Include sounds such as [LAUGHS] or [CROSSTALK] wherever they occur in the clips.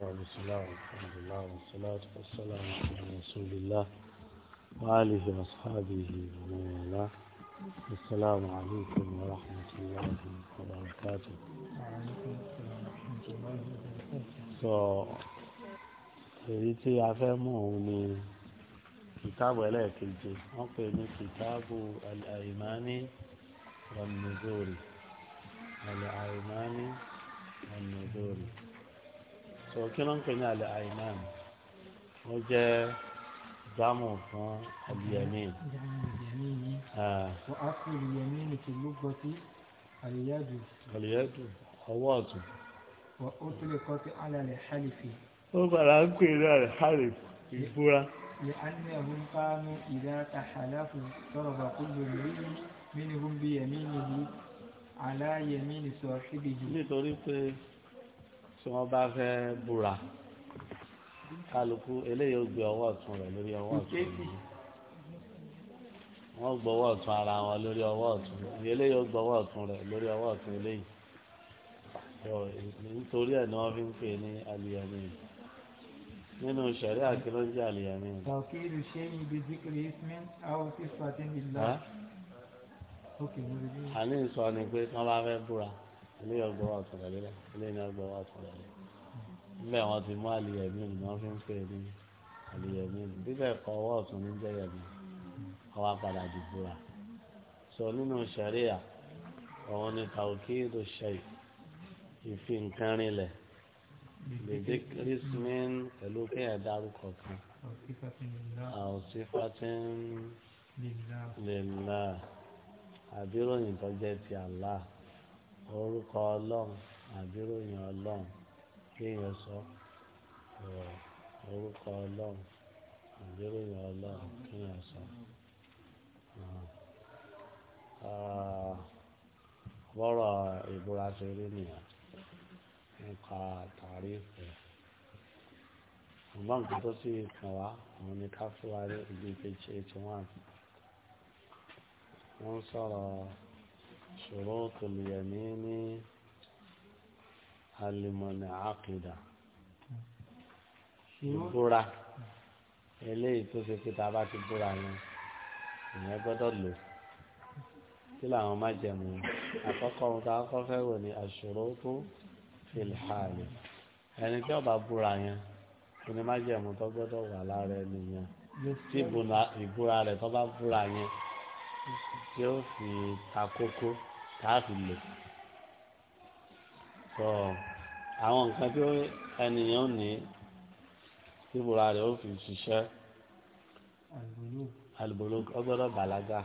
بسم الله والحمد لله والصلاة والسلام على رسول الله وآله وأصحابه ومن والاه السلام عليكم ورحمة الله وبركاته وعليكم السلام ورحمة الله وبركاته èyí tí a fẹ́ mú òun ni kìtáàbù ẹlẹ́ẹ̀keje wọ́n pè sọ kí ló ń pè ní àlẹ àìmán ó jẹ dámù fún àlìyẹmí. wọ́n á fi àlìyẹmí ní tìlú gbọ́ sí àlìyẹ́dù. àlìyẹ́dù ọwọ́ ọ̀tún. ó tún lè kọ́ sí àlẹ́ àlẹ́ hálìfì. ó gbàdá ń pè ní àlẹ́ hálìfì ìbúra. لأنهم كانوا إذا تحالفوا ضرب كل امرئ منهم بيمينه على يمين صاحبه. nítorí pé tí wọ́n bá fẹ́ búra kálukú eléyìí ó gbé ọwọ́ ọ̀tún rẹ̀ lórí ọwọ́ ọ̀tún yìí wọ́n gbọ́ ọwọ́ ọ̀tún ara wọn lórí ọwọ́ ọ̀tún eléyìí ó gbọ́ ọwọ́ ọ̀tún rẹ̀ lórí ọwọ́ ọ̀tún eléyìí nítorí ẹ̀ ni wọ́n fi ń pè ní aliyami nínú sẹ̀rí àkílọ́jì aliyami. tàkìlù ṣe ń bi zikiri ismin awo fífa tí ń àní sọ ni pé tí wọ́n bá fẹ́ búra ilé ọgbọ wa tó lọlẹ rẹ ilé ní ọgbọ wa tó lọlẹ ilé àwọn ti mú àlìyẹmí ni wọn fi ń pè ní àlìyẹmí ni bíbẹ̀ kọ ọwọ́ ọ̀tún ní jẹ́yẹmí ọwọ́ padà dìbò rà sọ nínú sẹ̀ríà àwọn ni tàwùkìdù ṣẹ̀yì ìfi nǹkan rinlẹ̀ lèdè kírísímìn pẹ̀lú kéèyàn dárúkọ kan àwòsífàtín lèlá àbíròyìn tó jẹ́ ti Allah orúkọ ọlọ́run àbíròyìn ọlọ́run kéèyàn sọ orúkọ ọlọ́run àbíròyìn ọlọ́run kéèyàn sọ. bọ́rọ̀ ìbúra ṣe rí nìyẹn nípa tàrífù ṣùgbọ́n nǹkan tó sì kàn wá òun ni ká fúra rí ibi kejì eighty one wọ́n sọ̀rọ̀. شروط اليمين المنعقدة ìbúra eléyìí tó ṣe pé tá a bá ti búra yẹn ìyẹn gbọ́dọ̀ lò kí làwọn má jẹ̀mú àkọ́kọ́ ohun tá a kọ́ fẹ́ wò ní aṣurutu fil hali ẹni tí ó bá búra yẹn kí ni má jẹ̀mú tó gbọ́dọ̀ wà lára ẹni yẹn tí ìbúra rẹ̀ tó bá búra yẹn tí ó fi ta kókó káàfin lò sọ àwọn nǹkan tí ènìyàn ní síbùrà rẹ̀ ó fi ṣiṣẹ́ alùbọ̀lù ọgbọ́dọ̀ bàlágà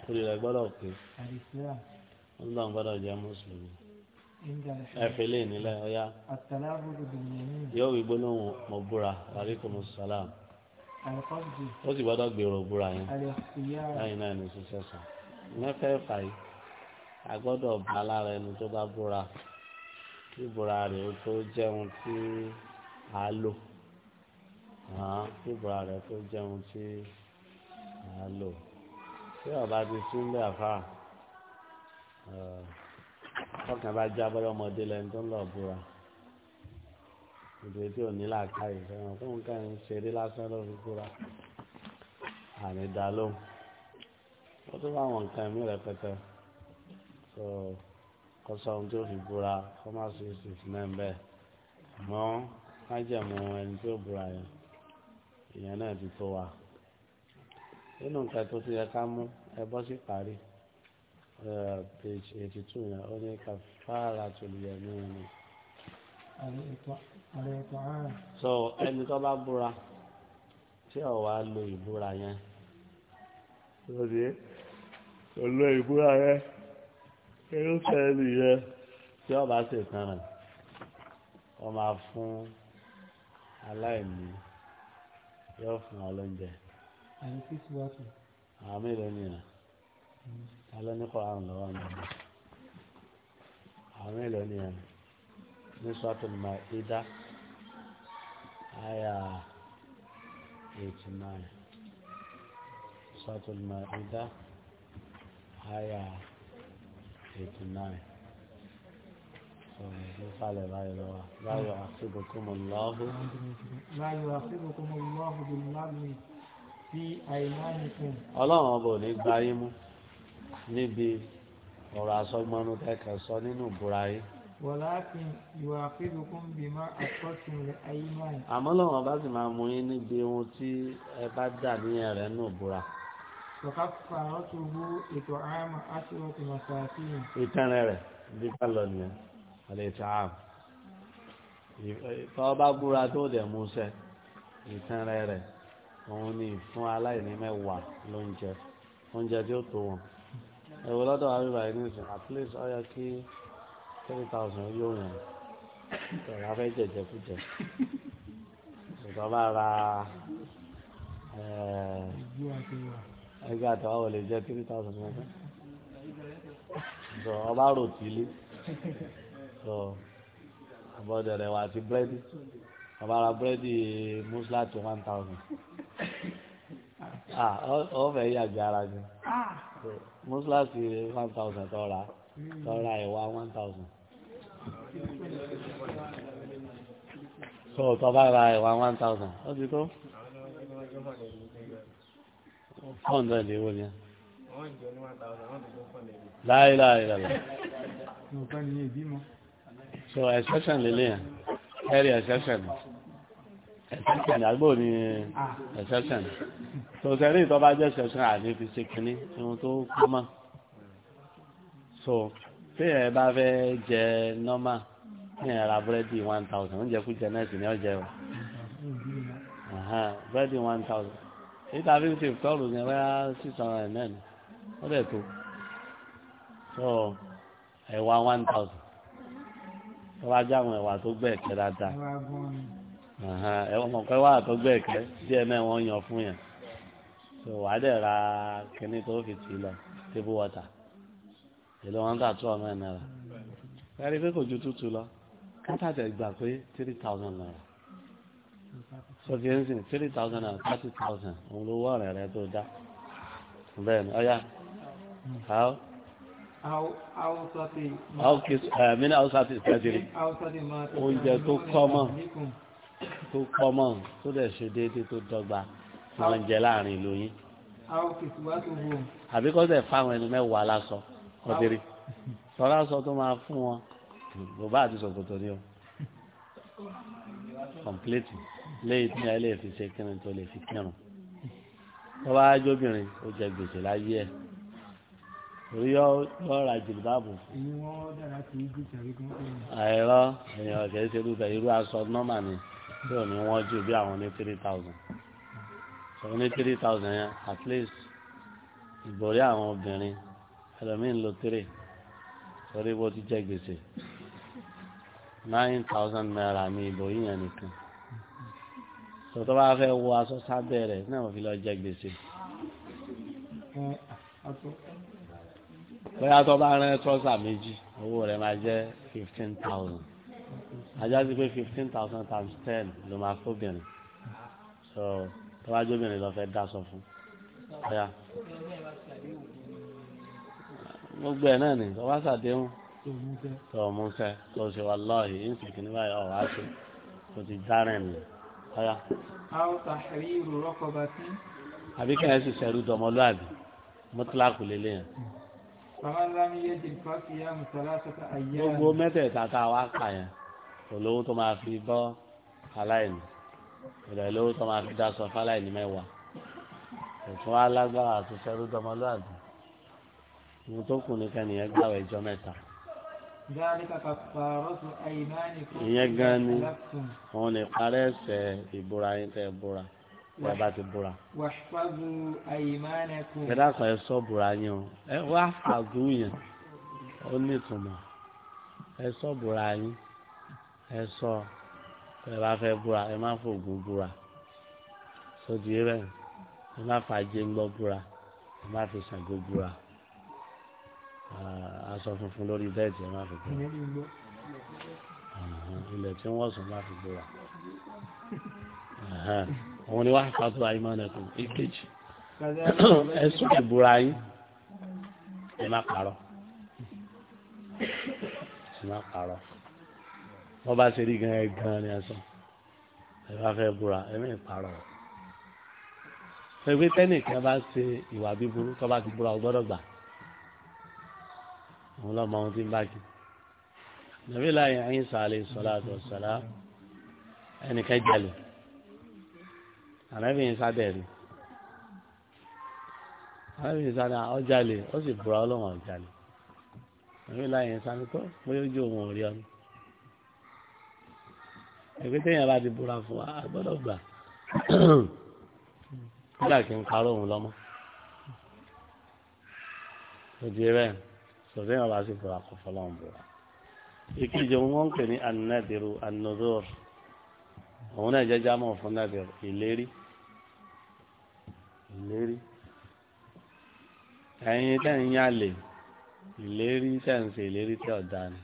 torí rẹ̀ gbọ́dọ̀ pé ọlọ́run gbọ́dọ̀ jẹ́ mùsùlùmí ẹ̀fẹ̀ lè nílẹ̀ ọ̀yá yóò wí gbólóhùn mọ̀ búra wàlíkùmù sàlám ó sì gbọ́dọ̀ gbèrò búra yẹn láyìn náà ní sísẹ́sàn mẹ́fẹ̀ẹ̀fà yìí a gbọ́dọ̀ bá lára ẹni tó bá búra kí búra rẹ̀ ó tó jẹun tí a lò kí búra rẹ̀ tó jẹun tí a lò tí ọba ti sún bẹ́ẹ̀ fà ọkàn bá já bọ́lá ọmọdé lẹ́ni tó ń lọ búra ìdè tí ò ní làákàyè fẹ́ràn fún nǹkan ìṣeré lásán ló fi búra àmì dá lóhùn wọ́n tún láwọn nǹkan ẹ̀mí rẹpẹtẹ tó kọ́ sọ ohun tí ó fi búra kọ́ má sí six nine bẹ́ẹ̀ àmọ́ májẹ̀mú ẹni tí ó búra yẹn ìyẹn náà ti tó wa nínú nǹkan tó ti yẹ ká mú ẹ bọ́ sí parí page eighty two yẹn ó ní kàfàrà tó lè yẹ ní ẹni. so ẹni tó bá búra tí ọ̀ wá lo ìbúra yẹn pẹ̀lú ìbúra rẹ irúfẹ́ nìyẹn tí ọba sì tán rẹ̀ wọ́n máa fún aláìní yóò fún ọ lóúnjẹ. àyè kí ti wá tù. àwọn mélòó ni alẹ́ ní kọ́ àrùn lọ́wọ́ ni àwọn mélòó ni à ní sọ́tún ma ìdá àyà eighty nine sọ́tún ma ìdá àyà eighty nine nísàlẹ̀ báyìí lọ wa láyọ̀ àṣìbùkúmù lọ́hù. láyọ̀ àṣìbùkúmù lọ́hù bí lámì sí àìmánìkùn. ọlọ́run ọba ò ní gba yín mú níbi ọ̀rọ̀ àsọgbọ́nú kẹ́kẹ́ sọ nínú ìbúra yín. wọ́láàkín ìwà àṣìbùkún bí má àkọ́sùn rẹ̀ àìmánì. àmọ́ lọ́wọ́n bá sì máa mú yín níbi ohun tí ẹ bá dà níyẹn rẹ̀ nínú ìbúra kàfàrọ́tùhù ètò àmà àṣírọ́tù màsàkìyàn. ìtàn rẹ̀ bí ká lọ nìyẹn àlẹ́ ìtàn àmà tọ́ bá búra tó dẹ̀ múṣẹ́ ìtàn rẹ̀ rẹ̀ òun ni fún aláìní mẹ́wàá lóúnjẹ oúnjẹ tí ó tó wọn ẹ̀wọ̀ lọ́dọ̀ àríwá ẹni sùn at least ó yẹ kí three thousand yóò yàn tẹ̀lé afẹ́ jẹjẹkújẹ tọ́ bá ra ẹ̀ẹ́ ẹgbẹ́ àtàwọn wọlé jẹ́ three thousand naira so ọba rò tí ilé so àbọ̀dọ̀ rẹ̀ wà àti búrẹ́dì ọba ra búrẹ́dì mùsùlá tó one thousand ah ọ fẹ́ yàgbé ara jù mùsùlá sí one thousand tọ́ra tọ́ra ìwà one thousand so tọ́ba ra ìwà one thousand ó ti tó fọ́n náà lè wọ́n yẹn. láyé láyé lọ́la. so exception lè léyìn ẹ̀rí exception exception àgbò ní exception so sẹ́rí ìtọ́ba jẹ́ exception àti fi ṣe kínní ohun tó kú mọ́ so tí ẹ bá fẹ́ jẹ nọ́mà ní ẹ̀rọ búrẹ́dì one thousand oúnjẹ kú jẹ náà sì ní ọjẹ́ o búrẹ́dì one thousand èyí tá a fi ń ṣe six hundred and nine ó dẹ̀ tó so ẹ̀wà one thousand tó bá ẹ̀wà tó gbẹ̀ kẹ́ dáadáa ẹ̀wọ̀n mọ̀pẹ́ tó gbẹ̀ kẹ́ díẹ̀ náà wọ́n yan fún yẹn so wà á dẹ̀ ra kíní tó fi tì í lọ table water èlò wọn tà tó ọmọ ẹ̀ náírà ẹ̀rí pé kò ju tútù lọ kátàtẹ̀ gbà pé three thousand naira sọfí ẹnsìn three thousand and thirty thousand òun ló wà rẹ̀ rẹ̀ tó dá bẹ́ẹ̀ ni ọ̀yá how. how kiss mina hausati kẹsìrì oúnjẹ tó kọ́mọ̀ tó kọ́mọ̀ tó dẹ̀ ṣe déédéé tó dọ́gba wọn jẹ láàrin ìlú yín. àbí kọ́ sẹ̀ fáwọn ẹni mẹ́wàá lásọ kọ́tìrì sọ́ra sọ tó máa fún wọn bàbá àti sọ̀kòtò ni o complete lẹ́yìn tí ẹ lè fi ṣe kírun tó lè fi kírun tó bá jóbìnrin ó jẹ gbèsè láyé ẹ orí yóò ra jìlìbáàbò. àìrọ èèyàn kìí ṣe irú bẹ́ẹ̀ irú aṣọ nọ́mà ni tí ò ní wọ́n jù bí àwọn ní three thousand sọ ní three thousand yẹn at least ìbòrí àwọn obìnrin ẹlòmíín lo three torí bó ti jẹ gbèsè nine thousand naira ní ìbòrí yẹn nìkan tọ́tọ́ bá fẹ́ wọ aṣọ sábẹ́ rẹ̀ náà wọ́n fi lọ jẹ gbèsè. bóyá tó bá rán trọ́sà méjì owó rẹ̀ máa jẹ́ fifteen thousand ajá sí pé fifteen thousand times ten ló máa fóbìnrin so tó bá jóbìnrin lọ fẹ́ dáṣọ fún bóyá gbogbo ẹ̀ náà ni tó bá ṣàdéhùn tó mú sẹ́ tó ṣe wà lọ́ọ̀hìn ìsìnkì nígbà yìí ọ̀ wá ṣe tó ti dárẹ̀ nìyẹn ọ̀yá. àbí kí ẹ sì sẹ́rù dọ̀mọlúàbí mọ́tíláàkù lélẹ̀ yẹn. gbogbo mẹ́tẹ̀ẹ̀ta tá a wá kà yẹn olówó tó máa fi bọ́ aláìní ìrẹ̀ olówó tó máa fi dá sọ fáláìní mẹ́wàá òtún alágbára àti sẹ́rù dọ̀mọlúàbí. mo tó kù nìkan nìyẹn gbàwé ẹjọ́ mẹ́ta ìyẹn gan ni òun lè parẹ́ ẹ̀ṣẹ̀ ìbúra yín tẹ́ búra wọ́n bá ti búra. ẹ dákun ẹ sọ búra yín o ẹ wá àgbo yẹn ó ní ìtumọ̀ ẹ sọ búra yín ẹ sọ ẹ bá fẹ́ búra ẹ má fògùn búra sódì ẹ má fàájẹ ńgbọ́ búra ẹ má fi Ṣàngó búra aṣọ funfun lórí bẹ́ẹ̀dì ẹ má fi bóra ilẹ̀ tí wọ́n sùn má fi bóra òun ni wà á fàtó àìmọ́nẹ̀kùn ìkejì [CLEARS THROAT] ẹ̀sùn ìbúra yín ẹ má parọ́ ẹ má parọ́ wọ́n bá ṣe rí gan ẹ gan ni ẹ sọ ẹ bá fẹ́ búra ẹ mẹ́rin parọ́ ẹgbẹ́ tẹ́nìkan bá ṣe ìwà bíburú tó bá ti búra ọ gbọ́dọ̀ gbà àwọn ọlọ́mọ ohun tí ń bá kí nàbí láyé ẹ̀yìn sàlẹ̀ sọlá àti ọ̀sàlá ẹnìkan jalè ànábì yín sábẹ̀ rí ànábì yín sábẹ̀ ọjàlè ó sì búra ọlọ́wọ̀n ọjàlè nàbí láyé ẹ̀yìn sábẹ̀ tó bóyá ojú òun ò rí ọ ẹgbẹ́ tẹ̀yìn bá ti búra fún wa a gbọ́dọ̀ gbà nígbà kí n parọ́ òun lọ́mọ. Ojú ẹ sọ̀rọ̀ yẹn wàá sì bọ̀rọ̀ àkọ́fọ́lọ́ ń bọ̀rọ̀. ìkejì òun wọ́n ń pè ní anadiru anodor òun náà jẹ́jẹ́ àmọ́ fún nadiru ìlérí ìlérí ẹ̀yin tẹ́ ń yálè ìlérí tẹ́ ń ṣe ìlérí tẹ́ ọ̀dà ni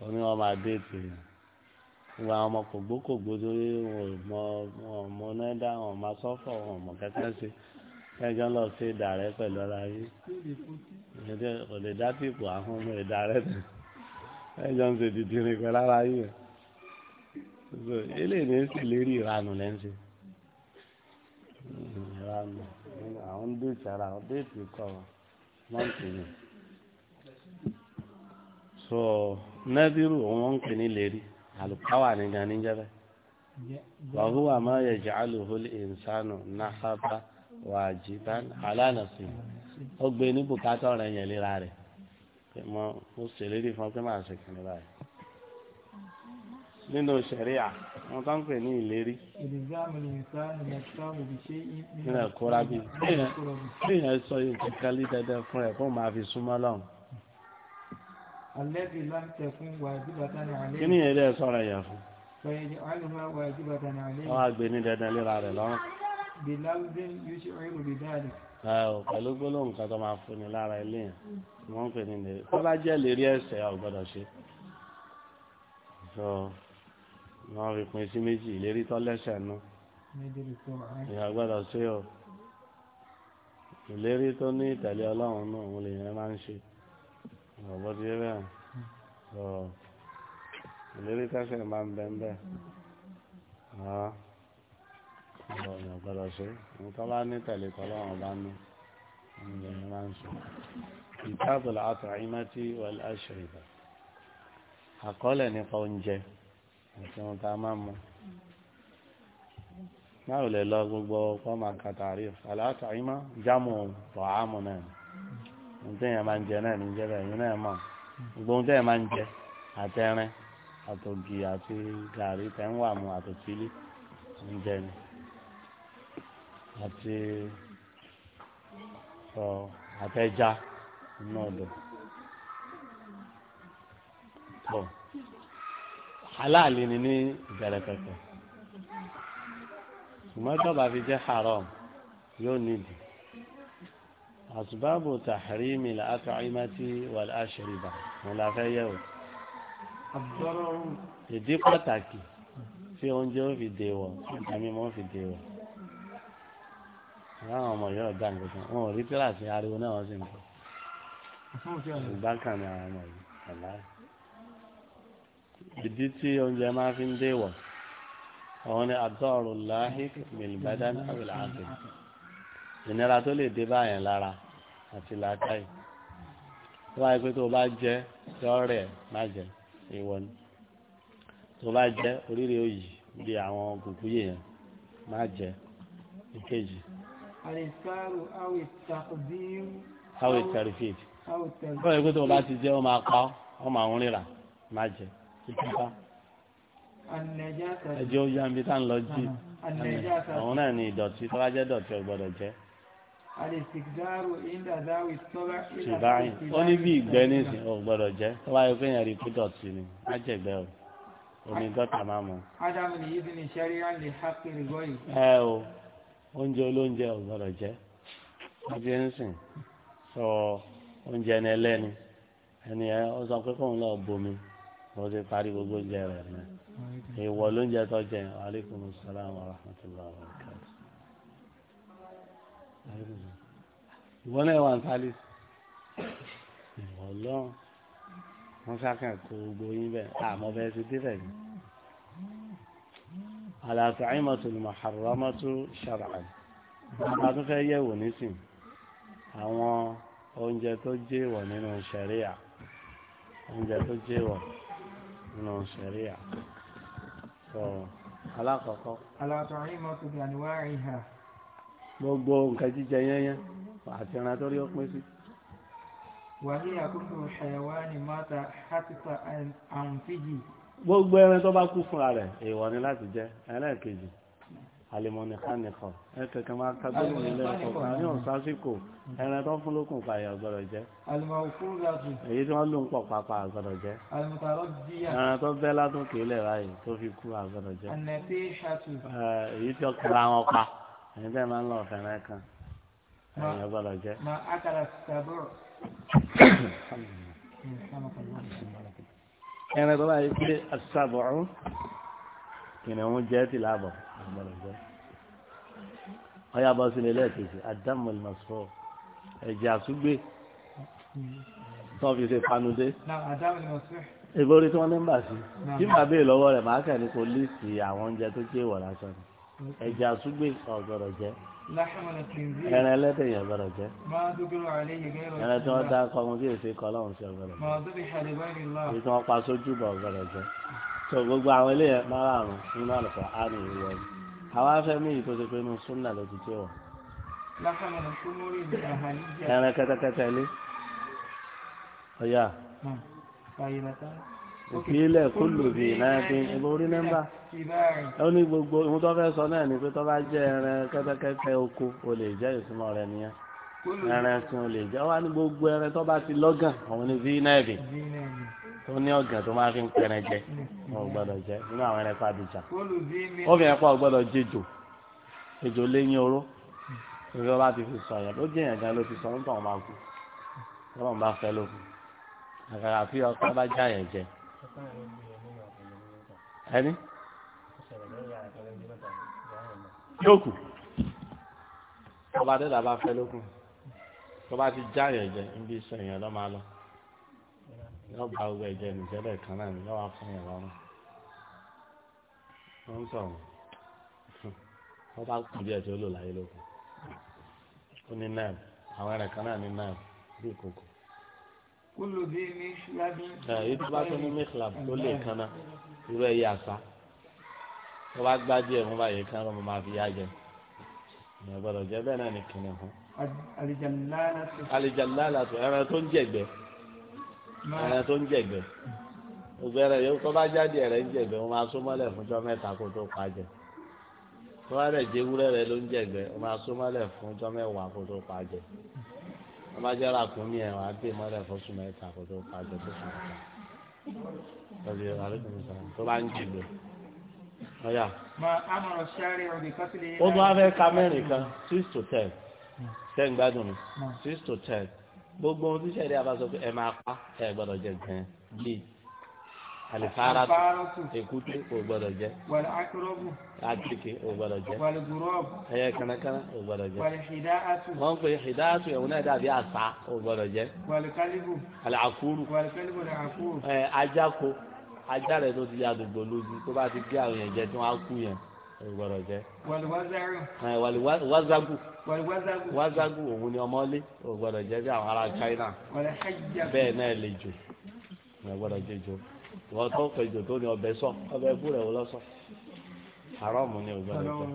òun ni wọ́n máa dé tèèyàn ìwà ọmọ kògbókògbó torí wọn ò mọ ọmọ náà dá wọn ò máa sọ́fọ̀ wọn ò mọ kẹ́kẹ́ ṣe. kẹjọ lọ sí ìdá pẹ̀lú ara yìí kò lè dá àwọn ọmọ ìdá rẹ ń ṣe pẹ̀lú ara yìí eléyìí ń sì lérí ìranù lẹ́ńsì ìranù àwọn déètì ara àwọn déètì kọ mọ́ǹtì ni so nẹ́bírù wọn ń pè ní lérí àlùkáwà wàjibán alánàsì ó gbé ní bùkátà ọ̀rẹ́ yẹn léra rẹ̀ pé mo mo ṣèlérí fún ọ pé màá ṣe kìnìún báyìí nínú ṣẹ̀ríà wọn tó ń pè ní ìlérí. nínú ẹ̀kọ́ rábì bí yẹn sọ yìí kankan lé dandan fún ẹ̀ kó máa fi súnmọ́ lọ́hùn. kí ni yẹn lè sọ̀rọ̀ yẹn fún. wọ́n á gbé ní dandan léra rẹ̀ lọ́rùn bilawudin yusuf ọ̀rẹ́mù bidalik. pẹ̀lú gbólóhùn kan tó máa fúnni lára ilé yẹn tí wọ́n ń pè ní lèrè tó bá jẹ́ lèrè ẹ̀sẹ̀ ò gbọ́dọ̀ ṣe. sọ wọn fi pín sí méjì ìlérí tó lẹ́sẹ̀ nú ìyá gbọ́dọ̀ ṣe o ìlérí tó ní ìtẹ̀lé ọlọ́run náà òun lè yẹn máa ń ṣe ọ̀gbọ́n ti yé bẹ́ẹ̀ sọ ìlérí tẹ́sẹ̀ máa ń bẹ́ẹ̀ ọ̀nà ọ̀gbọ́dọ̀ ṣe òun tó bá ní tẹ̀lé kọlọ́run bá ní ìyẹn máa ń sọ kitabul at'imati wal ashriba àkọọ́lẹ̀ nípa oúnjẹ àti ohun tá a máa mọ náà lè lọ gbogbo fọ́ọ̀mù àkàtàrí al-at'ima jámù tọ̀hámù náà ohun téèyàn máa ń jẹ náà ní jẹ́ bẹ́ẹ̀ yín náà mọ̀ gbogbo ohun téèyàn máa ń jẹ àtẹrin àti ọ àtẹjá nínú ọdọ tọ aláàlì ni ní ìbẹ̀rẹ̀ pẹ̀pẹ̀ ṣùgbọ́n tọ́ba fi jẹ́ haram yóò nídìí àtúbàbò tàhírímì làákàrímàtì wà láṣẹrìbà wọn la fẹ́ yẹ̀ wò. ìdí pàtàkì tí oúnjẹ ó fi dè wọ̀ nígbà mímọ́ fi dè wọ̀ àwọn ọmọ yìí ọ̀dà nǹkan kan wọn ò rí tíláàsì ariwo náà wọ́n sì ń bọ̀ ìgbà kan ní àwọn ọmọ yìí ọ̀la ìdí tí oúnjẹ máa fi ń déwọ̀ àwọn ni àdọ́rù láhìk mìlìbádán àwìlà àti ìnira tó lè dé báyẹn lára àti làákàyè tó bá yẹ pé tó bá jẹ lọ́rẹ̀ má jẹ ìwọ ni tó bá jẹ oríire òyì bí àwọn kùkú yìí yẹn má jẹ ìkejì àlìsáàrù àwì tàbíyù. àwì tàrífíìdì. àwì tàrífíìdì. báwo ni kótó o bá ti jẹ́ ọ máa pa ọ máa ń rìnrà máa jẹ títí pa. ẹjẹ́ ó yá mi tá ń lọ jí. àwọn náà ni ìdọ̀tí tó bá jẹ́ dọ̀tí ò gbọ́dọ̀ jẹ. àlìsìkìdárò ìdàdáwì tọ́lá ìdàdáwì tìbáyìn. ó ní bí ìgbẹ́ nísìn ò gbọ́dọ̀ jẹ tó bá yẹ pé yẹn rí pé dọ̀tí ni má jẹ̀gbẹ́ omi gọ́tà máa mọ̀. ádámù ni yìí ti ní sẹ́ríà lè hápẹ́rẹ́ gọ́yì. ẹ o oúnjẹ olóúnjẹ ò gbọ́dọ̀ jẹ́ wọ́n ti ń sìn sọ oúnjẹ ẹni ẹlẹ́ni ẹni ẹ ó sọ pé kóun lọ́ọ́ bomi mo ti parí gbogbo oúnjẹ rẹ̀ náà ìwọ lóúnjẹ tó jẹ aleykum salaam wa rahmatulah wa barakatuh ìwọ náà wà ń sálí ìwọ lọ́rùn wọ́n sákàn kó gbogbo bẹ́ẹ̀ àmọ́ bẹ́ẹ̀ ti dé bẹ́ẹ̀ ni àlàáfíàmọ̀tò mọ̀hàrámọ́tò ṣàràn a tún fẹ́ yẹ̀wò nísìn àwọn oúnjẹ tó jẹ́wọ̀ nínú ṣẹ̀ríà oúnjẹ tó jẹ́wọ̀ nínú ṣẹ̀ríà sọ alákọ̀ọ́kọ́. àlàáfíàmọ̀tò bí àníwá rìn hà. gbogbo nǹkan jíjẹ yẹnyẹn àti ẹran tó rí ó pín sí. wàhíyà kúndùn ṣàyẹ̀wá ni mọ́ta àǹfíjì gbogbo ẹran tó bá kú fúnra rẹ̀ èèwọ̀ ni láti jẹ ẹlẹ́ẹ̀kejì alimọ̀nì kánìkọ̀ ẹkẹ̀kẹ́ máa kagbóni nílẹ̀ ọ̀pọ̀ ní ọ̀sásíkò ẹran tó fún lókùn pààyà ọ̀gbọ̀dọ̀ jẹ́ èyí tí wọ́n lò ń pọ̀ pàpà ọ̀gbọ̀dọ̀ jẹ́ ẹran tó bẹ́ ládùn kìílẹ̀ báyìí tó fi kú ọ̀gbọ̀dọ̀ jẹ́ èyí tí ọkàn ra wọn pa èyí tẹ́ máa ń lọ fẹ̀rẹ̀ kan ẹ̀yìn ọ̀gbọ̀dọ̀ jẹ́. [COUGHS] ẹran tó báyìí pé asábọ̀rún kìnìún jẹ́ ti láàbọ̀ àgbọ̀lọ̀jọ́ ọyá bọ́ sílẹ̀ lẹ́ẹ̀kejì adámọ̀lẹ́mọ̀sọ́ ẹ̀jẹ̀ àtúgbé tó fi ṣe panudé ìborí tí wọ́n ní ń bà sí tí bàbá yìí lọ́wọ́ rẹ̀ máa kàn ní kò líìsì àwọn oúnjẹ tó jẹ́ lásán ẹ̀jẹ̀ àtúgbé ọ̀gọ̀rọ̀ ẹran ẹlẹ́dẹ̀ yẹn gbọ́dọ̀ jẹ́ ẹran tí wọ́n dá kọ́ ọmọ tí èsì kọ́ lọ́hùn sí ọgbọ́dọ̀ jẹ́ tí wọ́n pa sójú bọ̀ ọgbọ́dọ̀ jẹ́ tó gbogbo àwọn eléyẹn márààrún nínú àlùkò àánú ìlú ọ̀dọ̀ àwa fẹ́ yìí tó ṣe pé súnà ló ti jẹ́ wọ̀. ẹran kẹ́tẹ́kẹ́tẹ́ ilé ọ̀yà ìpínlẹ̀ kó lòdì náàbí ìborí nẹ́mbà ó ní gbogbo ìwọ́n tó fẹ́ sọ náà ni pé tó bá jẹ́ ẹran kẹ́tẹ́kẹ́tẹ́ oko o lè jẹ́ ìsúnmọ́ rẹ̀ nìyẹn ẹran tí o lè jẹ́ wá ní gbogbo ẹran tó bá ti lọ́gàn òun ni vi náàbì tó ní ọ̀gàn tó máa fi ń pẹrẹ jẹ wọn ò gbọ́dọ̀ jẹ nínú àwọn ẹran pàdùjà ó fi hàn pé ò gbọ́dọ̀ jẹjọ ejò léyìn oró torí ọba ti fi sọ yẹn ló jẹ ọkọ bá já yẹn jẹ ẹni yóò kù ọba dẹ́dà bá fẹ́ lókun tó bá ti já yẹn jẹ níbi iṣẹ́ yẹn lọ́ máa lọ yóò bá gbogbo ẹ̀jẹ̀ nìjẹ́lẹ̀ kan náà ní lọ́wọ́ fún yẹn lọ́rùn ó ń sọ̀rọ̀ wọ́n bá kù díẹ̀ tí ó lò láyé lókun ó ní náà àwọn ẹ̀rẹ̀ kan náà ní náà bí ìkòkò olùdí ní ṣíláàbí. èyí tó bá tó ní mìsìlám tó lè kanna irú ẹyẹ àṣà tó bá gbá díẹ̀ fún báyìí kan ló máa fi yá jẹ ìyẹn gbọ́dọ̀ jẹ bẹ́ẹ̀ náà ní kìnìún fún. alìjàlálà tó ẹran tó ń jẹgbẹ ẹran tó ń jẹgbẹ gbogbo ẹran yòówù tó bá jáde ẹran ń jẹgbẹ wọn máa sún mọ́lẹ̀ fúnjọ́ mẹ́ta kó tó pa jẹ tó bá rẹ jẹ ewúrẹ́ ló ń jẹgbẹ wọn máa sún mọ́lẹ̀ fúnjọ́ mẹ́wàá kó tó pa jẹ wọ́n bá jẹ́ ràkúnmí ẹ̀ wọ́n á dé mọ́lẹ̀ fọ́sùn mẹ́ta kó tó pàjọ fọ́sùn mẹ́ta lọ́dí àlékún sọ̀rọ̀ tó bá ń jìgbẹ́ ọ̀yà. ó tún wá fẹ́ kan six to ten ten hmm. gbádùn mi hmm. six to ten gbogbo ohun tíṣẹ̀lẹ̀ abasọ̀ pé máa pa ẹ gbọ́dọ̀ jẹ gan bíi alifara èkúté kò gbọ́dọ̀ jẹ àtìkè kò gbọ́dọ̀ jẹ ẹyẹ kanakana kò gbọ́dọ̀ jẹ wọn pe hidaatu ẹwọn náà dàbí àṣà kò gbọ́dọ̀ jẹ alakuru ẹ ajako ajá rẹ tó ti ya gbogbo lójú tó bá ti gé àwọn yẹn jẹ tí wọn kú yẹn kò gbọ́dọ̀ jẹ. wàlúwàzágù wàlúwàzágù òun ni ọmọlé kò gbọ́dọ̀ jẹ bí àwọn ará China bẹ́ẹ̀ náà lè jò kò jẹ jò wọ́n tó pèjò tó ní ọbẹ̀ sọ ọbẹ̀ ẹkú rẹ̀ wọ́n lọ́sọ haram ni ọgbẹ́ rẹ̀ sọ.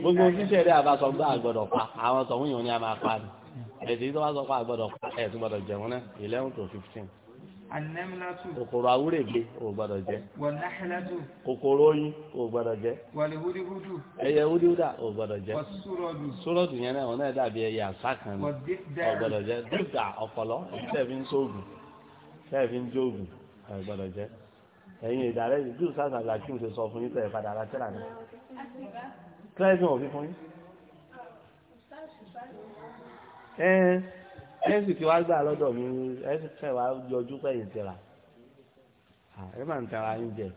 gbogbo ṣíṣe rẹ̀ àbá sọ gbọ́ àgbọ̀dọ̀ pa àwọn sọ̀hún yìí ni a máa pa ni ẹ̀sìn tó bá sọ pa àgbọ̀dọ̀ pa ẹ̀sìn gbọ́dọ̀ jẹun náà eleven to fifteen anamilatu. kòkòrò awúrèbe o gbọ́dọ̀ jẹ. wànahilatu. kòkòrò oyin o gbọ́dọ̀ jẹ. wàlíwúdiwúdu. ẹyẹ wúdiwúdà o gbọ́dọ̀ jẹ. wàsúrọdù. súrọdù yẹn náà wọn náà dàbí ẹyẹ àṣà kan ní. o gbọ́dọ̀ jẹ dídà ọpọlọ sẹẹfì ń sóògùn sẹẹfì ń jóògùn o gbọ́dọ̀ jẹ. ẹyin ìdàrẹ́ yìí jù sáà sàgbà kí n ṣe sọ fún yín tẹ̀ padà ara tẹ́lá ni. kílẹ̀ ẹ̀sìn tí wàá gbà lọ́dọ̀ mi ẹ̀sìn tẹ̀ wàá yọjú pẹ̀yìn tẹ̀ra ẹ máa ń tẹ̀ra yín jẹ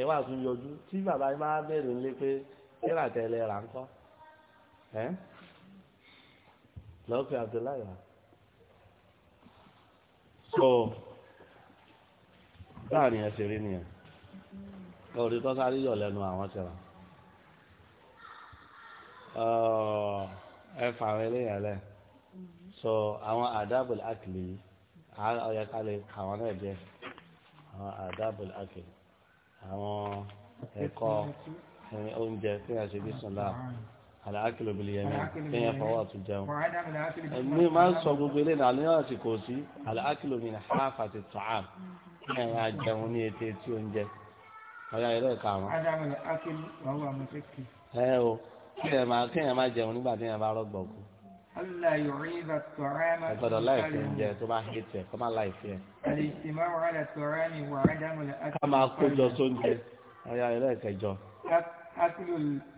ẹ wà tún yọjú tí bàbá yín máa bẹ̀rẹ̀ nílé pé tẹ̀ra tẹ̀lẹ̀ rà ń kọ́ ẹ lọ́ọ̀kẹ́ Abdullahi so báà ni ẹ ṣe rí nìyẹn lórí tó sáré lẹ́nu àwọn tẹ̀ra ẹ fà wọlé yẹn lẹ́yìn so àwọn àdábòl àkìlì ọ̀yà kalẹ̀ àwọn náà jẹ́ àwọn àdábòl àkìlì àwọn ẹ̀kọ́ oúnjẹ tí a ṣe bí sọ̀lá àlàákìlò bìlì yẹn ní ẹ̀yẹn fọwọ́ àtún jẹun mi máa ń sọ gbogbo eléyìí náà lẹ́yìn àti kò sí àlàákìlò mi ní half àti tọ́ám ní ẹ̀yìn àjẹun ní etí etí oúnjẹ ọ̀yà ilé ẹ̀ka àwọn. ẹ o kí ẹ máa jẹun nígbà tí ẹ bá rọgbọ kú. Allah yu'idha at-ta'ama. ẹ gbọ́dọ̀ láìfẹ oúnjẹ tó bá hẹ tiẹ kọ máa láìfẹ. al-istima'u ala at-ta'ami wa 'adamu al-akl. ká máa kójọ sóúnjẹ ọyá ilé ìkẹjọ.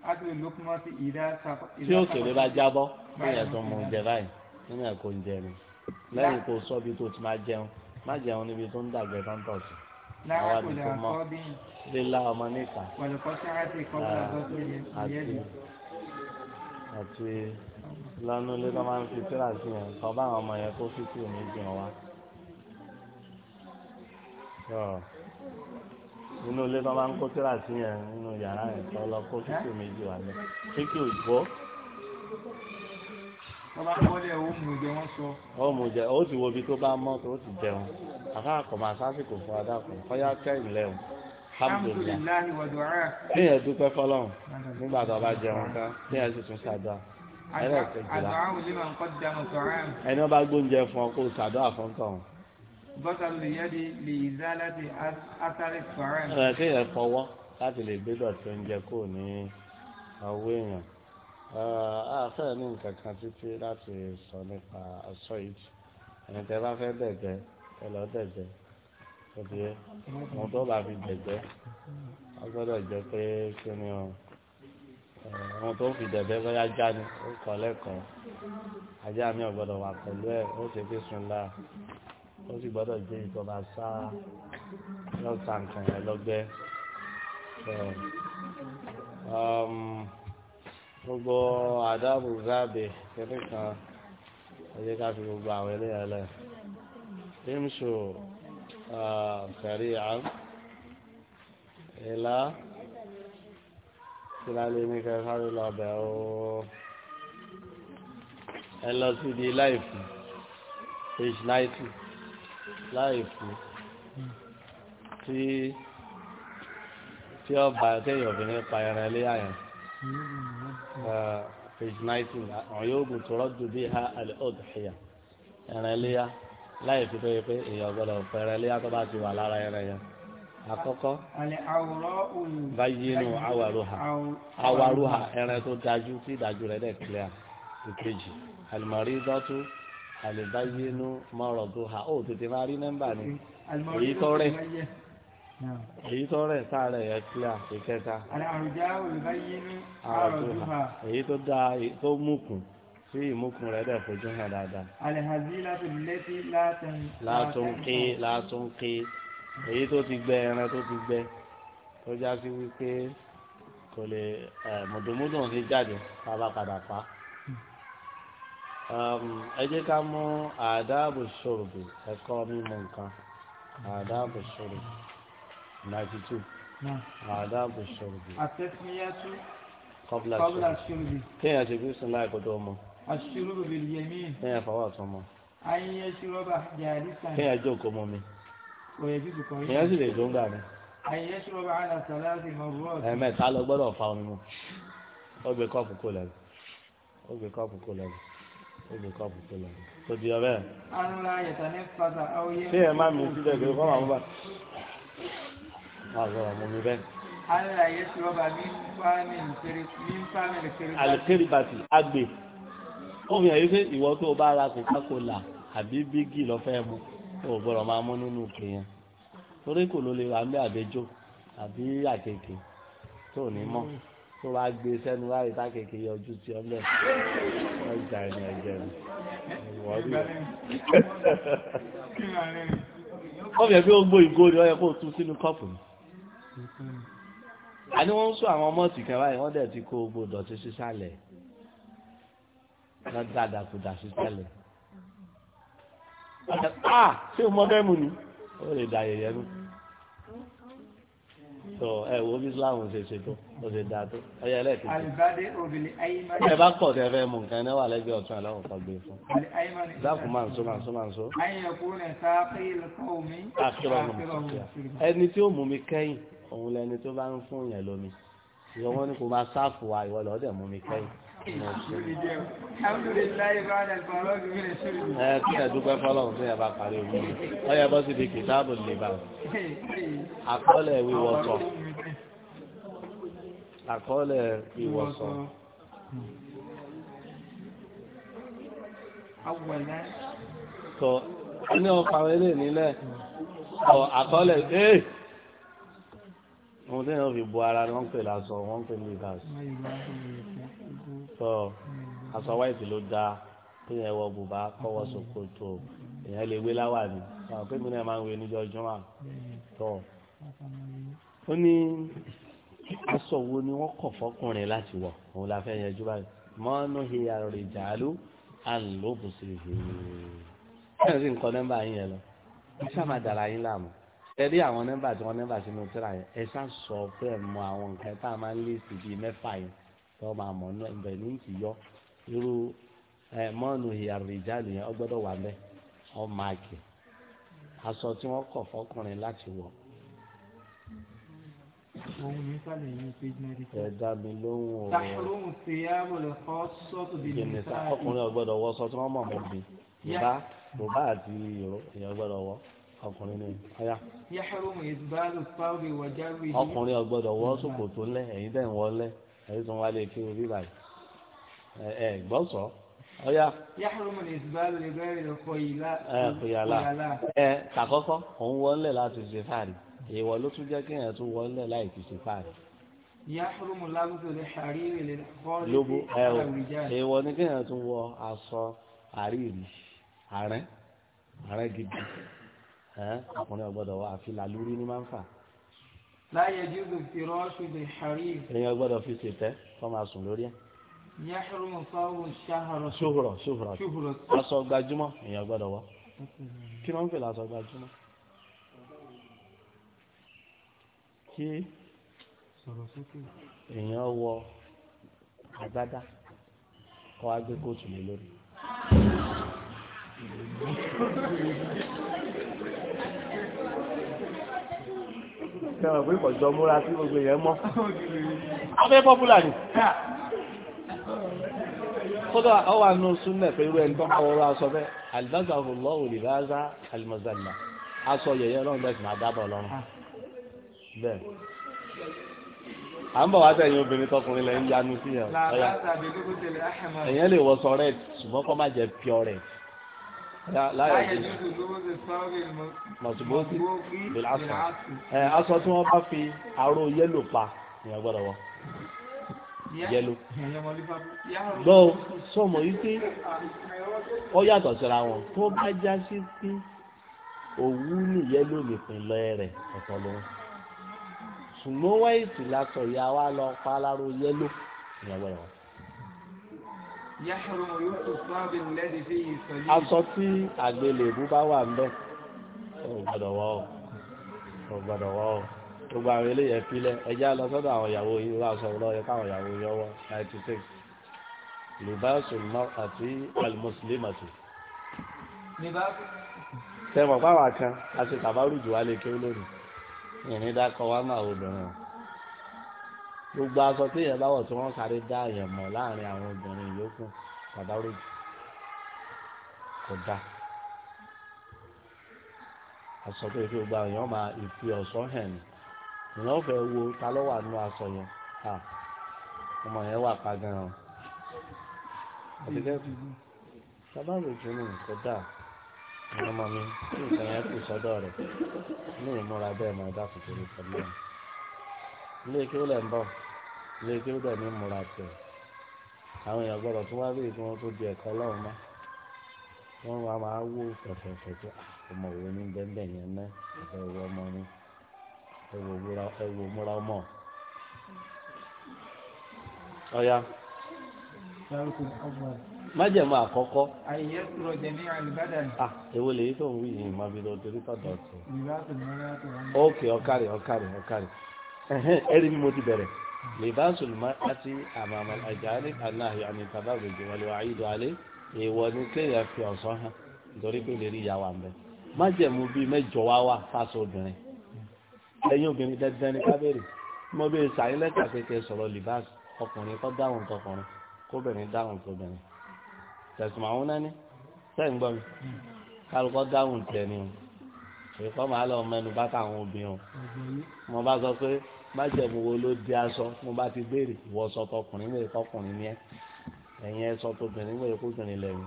akílù lukumati ìdá sàkó. tí òkèlè bá jábọ́ bóyá tó mọ oúnjẹ báyìí nínú ẹ̀kọ́ oúnjẹ ni lẹ́yìn kó sọ bí tó ti máa jẹun má jẹun níbi tó ń dàgbẹ́ tó àti lọ́nú ilé tó máa ń fi tíra sí yẹn sọ bá àwọn ọmọ yẹn kó fi tì mí jìn wá. nínú ilé tó máa ń kó tíra sí yẹn nínú yàrá yẹn tó lọ kó fi tì mí jìn wá ní kíkì òjò. wọ́n bá kọ́lé ẹ̀ ó mú jẹ wọ́n sọ. ó mú jẹ ó sì wo ibi tó bá mọ́ tó ti jẹun àkàkọ̀ máa sásìkò fún adákùn kọ́yá kẹ́yìn lẹ́hùn alhamdulilayi kéèyàn dúpẹ́ fọlọ́run nígbà tó bá jẹun tán kéèyàn sì tún ṣàdúrà ẹlẹ́ẹ̀kejìlá ẹni wọ́n bá gbóúnjẹ fún ọ kó ṣàdúrà fún tọ̀hún. bọ́tàlù lè yẹ́ di lè yíza láti átàrí fàrẹ́m. ẹ kéèyàn fọwọ́ láti lè gbé dọ̀tí oúnjẹ kò ní ọwọ́ èèyàn àfẹ́ ní nǹkan kan títí láti sọ nípa ọ̀ṣọ́ yìí ẹni tẹ́ bá fẹ́ dẹ̀jẹ́ ẹ lọ dẹ̀jẹ́ òbí ẹ mo tó bá fi dẹ̀gbẹ́ wọ́n gbọ́dọ̀ jẹ́ pé kí ni ọ eh, ohun tó fi dẹ̀gbẹ́ bóyá já ni ó kọ́ lẹ́kọ̀ọ́ ajá mi ò gbọ́dọ̀ wà pẹ̀lú ẹ̀ ó ṣe fi sùn láà ó sì gbọ́dọ̀ jẹ́ ìjọba sá yóò ta nǹkan yẹn lọ́gbẹ́ eh, um, gbogbo àdáàbò gáàbè kẹ́kẹ́ kan fi gbogbo àwọn eléyàn lẹ̀. آه، سريعا الى سلالي ميكا خالي لابا او الى سيدي لايف ايش نايت لايف في تي او بايتي او ايا ايش آه، لايف عيوب تردد بها الاضحيه يعني انا ليا láyé fi tó yẹ pé èèyàn gbọ́dọ̀ fẹrẹ léyà tó bá ti wà lára ẹrẹ yẹn àkọ́kọ́ báyìínú awaruha awaruha ẹrẹ tó dájú tí ìdájú rẹ dẹ clear ìkejì alimọ̀rí dọ́tú alibayinu mọ̀rọ̀dúha ó tètè máa rí nọ́mbà ni èyí tó rẹ̀ èyí tó rẹ̀ sáré yẹ clear ìkẹta àrùjá olùbáyínú àrùjá èyí tó dáa tó mú kùn tí ìmúkun rẹ̀ dẹ̀ fojú hàn dáadáa. alihazilatu lẹ́tí látúnkí látúnkí èyí tó ti gbẹ ẹran tó ti gbẹ tó já sí wípé kò lè mùdùmùdù ń fi jáde bàbá padà pa. ẹ jẹ́ ká mú àdáàbò ṣòròbì ẹ̀kọ́ mímu nǹkan àdáàbò ṣòròbì ninety two àdáàbò ṣòròbì. àtẹ̀síyàtú kọ́bùlà ṣòròbì. kéèyàn ṣe bí sùn láì kó tó mọ aṣírúbù bìlì yẹmí. ẹ yà fọwọ́ ọ̀tún mọ́. ayẹyẹ ṣírọ́bà jàdí sàn. kẹ́yà jọ kó mọ́ mi. òye jùlọ kọ́ yìí. èèyàn sì lè jó ń gbà mí. ayẹyẹ ṣírọ́bà àlà sàlásì mọ̀rọ̀. ẹ̀mẹ́ta lọ gbọ́dọ̀ fa omi mu. ó gbé kọ́ọ̀pù kó lẹ́nu. ó gbé kọ́ọ̀pù kó lẹ́nu. ó gbé kọ́ọ̀pù kó lẹ́nu. tó di ọbẹ̀. anula yẹta ní fata awuyẹ. ṣé ẹ má mi sílẹ̀ pé kọ́ màmú bá. má sọ̀rọ̀ mọ́ mi bẹ́ẹ̀. anula yẹ ṣírọ́bà mi fámìlì kéré. alìkéré bàtì àgbè ó fi hàn yí pé ìwọ tó o bá ra Coca-Cola àbí bígì lọ fẹ́ mu tó o gbọ́dọ̀ máa mú nínú òkè yẹn torí kò ló lè wà ní àbẹjọ àbí àkèké tó o ní mọ́ tó o bá gbé sẹ́nu láyé tákèké yọjú ti ọ́n bẹ́ẹ̀ ọjà ẹni ẹ̀jẹ̀ rẹ̀ ìwọ rí rẹ̀. ó fi hàn pé ó gbó ìgò ni ó yẹ kó o tú sínú kọ́ọ̀pù ni àní wọ́n ń sọ àwọn ọmọ tìkẹ́ báyìí wọ́n dẹ̀ ti kó gbogbo dọ̀tí sísàlẹ̀ yìí wọ́n dàdàkudà sí tẹ́lẹ̀ ah ṣé o mọ bẹ́ẹ̀ mu ni ó lè da yẹyẹ nu tó ẹ wo Islam ṣe ṣe tó ó ṣe da tó ọyẹ ẹlẹ́ẹ̀kejì. alibade obìnrin ayimani. ẹ bá kọ̀ tẹ́ fẹ́ mú nǹkan ẹ wà lẹ́gbẹ̀ẹ́ ọ̀tún aláwọ̀ gbé fún. ayimani. máa ń so máa ń so máa ń so. ayẹ̀kú rẹ̀ sáfẹ́ ìlọ́kọ̀ mi. àkìrọ̀ mi ẹni tí ó mú mi kẹ́yìn òun lẹni tó bá ń fún yẹn lómi ìwọ wọn ni kò máa sáfù wa ìwọ lọ́ọ́ dẹ̀ mú ẹ kí ẹ dúpẹ́ fọlọ́run tó yẹ bá parí omi ọ yẹ bọ́ sí ibi kìtáàbù lè bá àkọọ́lẹ̀ wíwọ́sọ àkọọ́lẹ̀ wíwọ́sọ. sọ ní ọkọ̀ àwọn ilé nílẹ̀ ọ àkọọ́lẹ̀ ee ohun tí wọ́n fi bu ara ni wọ́n ń pè lásán wọ́n ń pè ní aṣọ aṣọ wáìtì ló dáa kí ẹ wọ bùbá kọ́wọ́ ṣòkòtò èèyàn lè wé láwà ni àwọn pé mi náà máa ń wé níjọ́ jùmọ̀ tó ó ní aṣọ wo ni wọ́n kọ̀ fọ́kùnrin láti wọ̀ òun la fẹ́ yanjú báyìí mọ́nú ìyá rẹ̀ jàálù àlòbùsì ẹ̀ sì ń kọ́ nọ́mbà yín yẹn lọ ẹ ṣáà máa dàrá yín láàmú ẹ rí àwọn nọ́mbà tí wọ́n nọ́mbà sínú tíra yẹn ẹ ṣáà sọ pé ẹ mọ àwọn nǹkan tá a máa ń lé sí bíi mẹ́fà yẹn tí wọ́n máa ní yọ irú ẹ mọ́ọ̀nù ìyàrìjà nìyẹn ó wà ọ máa aṣọ tí wọn kọ fọkùnrin láti wọ sọ tí wọ́n mọ̀ mọ́ bí bùbá àti wọ ọkùnrin ni ọyá. yàrá ìbálòpọ̀ ọkùnrin ọgbọ́dọ̀ wọ ṣòkòtò ẹ̀yìn tó ń wálé kí wọ́n bí báyìí ẹ̀ gbọ́sọ̀ ọ̀yà. yàrá ìsìbáàlù ìgbà ìlú kọ̀yìlá. ẹ kọ̀yàlá ẹ kàkọ́kọ́ òun wọlé láti ṣe fáàrí èèwọ̀ ló tún jẹ́ kí èèyàn tún wọlé láì fi ṣe fáàrí. yàrá lábùsọ̀ lè ṣàrí ìrìlẹ̀ kọ́ọ̀lù èèwọ̀ ni kí èèyàn tún wọ aṣọ àríyìn àrẹ́ àrẹ́ gidi ọkùnrin ọgbọ́dọ̀ wà àfi làlúrí ní máa ń fà láyé jùlọ fìrọ́ṣù lè ṣàrí. èèyàn gbọ́dọ̀ fi ṣètẹ́ kọ́ máa sùn lórí ẹ̀. yẹ́hùrùmù sọ́hùn ṣáhùrọ̀. ṣùhùrọ̀ ṣùhùrọ̀ aṣọ gbajúmọ̀ èèyàn gbọ́dọ̀ wọ̀. kí ló ń pè láṣọ gbajúmọ̀. kí èèyàn wọ àgbádá kọ́ agbé kóòtù lórí. tẹ́wọ̀n pé kọ̀jọ múra sí gbogbo èèyàn mọ́ afẹ́ pọ́pùlà ni kódà ọwà nù súnmẹ̀ pé irú ẹni tó kọ́ ọrọ̀ aṣọ bẹ́ẹ̀ alìbáza ọlọ́wọ̀ lè ráza alimọ̀zánà aṣọ yẹ̀yẹ́ ọlọ́run bẹ́ẹ̀ sì máa dábọ̀ ọlọ́run bẹ́ẹ̀ à ń bọ̀ wá sẹ́yìn obìnrin tọkùnrin lẹ́yìn yanu sí yẹn ọ̀yà lè wọ sọ rẹ̀ ṣùgbọ́n kọ́ má jẹ́ pure rẹ̀ láyé mọ̀sùmọ́sí bìlásùn ẹ̀ aṣọ tí wọ́n bá fi àrò yẹ́lò pa ní agbọ́dọ̀ wọn yẹ́lò gbọ́ sọmọ yìí ó yàtọ̀ síra wọn tó bá já sí pé òwú ní yẹ́lò nìpínlẹ̀ rẹ̀ ọ̀tọ̀ ló ń ṣùgbọ́n wáyé tì lásọ̀ ìyá wa lọ pa aláró yẹ́lò ní agbọ́dọ̀ aṣọ tí àgbélébú bá wà ńbẹ̀ ò gbọ́dọ̀ wọ̀ ò gbọ́dọ̀ wọ̀ gbogbo àwọn eléyẹ filẹ̀ ẹjá lọ sọ́dọ̀ àwọn ìyàwó yìí wá sọ lọ yẹ káwọn ìyàwó yìí ọwọ́ ninety six libasul mar'ati al-muslimati. tẹ̀wọ̀n pàwọn kan a ti tàbárù jù wá kéwú lónìí ìrìn dákọ̀ wá máa obìnrin gbogbo aṣọ tí èèyàn bá wọ̀ tí wọ́n sáré dá èèyàn mọ̀ láàrin àwọn obìnrin yòókù pàdáwòrì kò dá aṣọ tó fi gbogbo àwọn èèyàn máa ìfi ọ̀ṣọ́ hàn ní ìyẹn ò fẹ́ wo ta ló wà nínú aṣọ yẹn ọmọ yẹn wà pa gan-an àtẹ̀kẹ́ sábà kò dá ọmọ mi tí nǹkan yẹn kù sọ́dọ̀ rẹ̀ ní ìmúra bẹ́ẹ̀ máa dá kòkòrò pẹ̀lú ẹ̀ ilé kí ó lẹ̀ ń bọ̀ ilé ó dẹ̀ ní múra tẹ̀ àwọn èèyàn gbọ́dọ̀ tó wá rí ìdí tó di ẹ̀kọ́ ọlọ́run mọ́ wọ́n wá máa wó pẹ̀pẹ̀pẹ̀ ah, ọmọ òwe ní bẹ́ẹ̀ yẹn ná ẹ̀fẹ́ ìwé ọmọ ni ẹ̀wò múra ọmọ. ọ̀ya májẹ̀mú àkọ́kọ́. àyè sọ̀rọ̀ jẹ̀mí àlùbádàn. à èwo lèyí tó ń wí yìí má lọ torí tọ̀dọ̀ tó. ìlú àtùmọ́lá tó ẹ̀rí mi mo ti bẹ̀rẹ̀ libasul mar'ati amama al-ajani anáhì àmì tabarruj wal wa'idu alayhi èèwọ̀ ni kéèyàn fi ọ̀sán hàn nítorí pé lè rí ìyàwó àmì bẹ́ẹ̀ májẹ̀mú bíi mẹ́jọ wá wà fáṣọ obìnrin ẹ̀yin obìnrin dandan ni kábẹ́rì mo bẹ sàyìn lẹ́tà kékeré sọ̀rọ̀ libas ọkùnrin kọ́ dáhùn tọkùnrin kóbìnrin dáhùn tóbìnrin tẹ̀sùn náà ni sẹ́yìn gbọ́ mi kálukọ́ dáhùn tẹ̀ ni o ìfọ́ màá lọ mẹ́nu bá táwọn obìnrin mo bá sọ pé májẹ̀mú wo ló di aṣọ mo bá ti béèrè ìwọ sọ tọkùnrin wẹ̀ tọkùnrin yẹn ẹ̀yin ẹ sọ tóbìnrin wẹ̀ kóbìnrin lẹ́yìn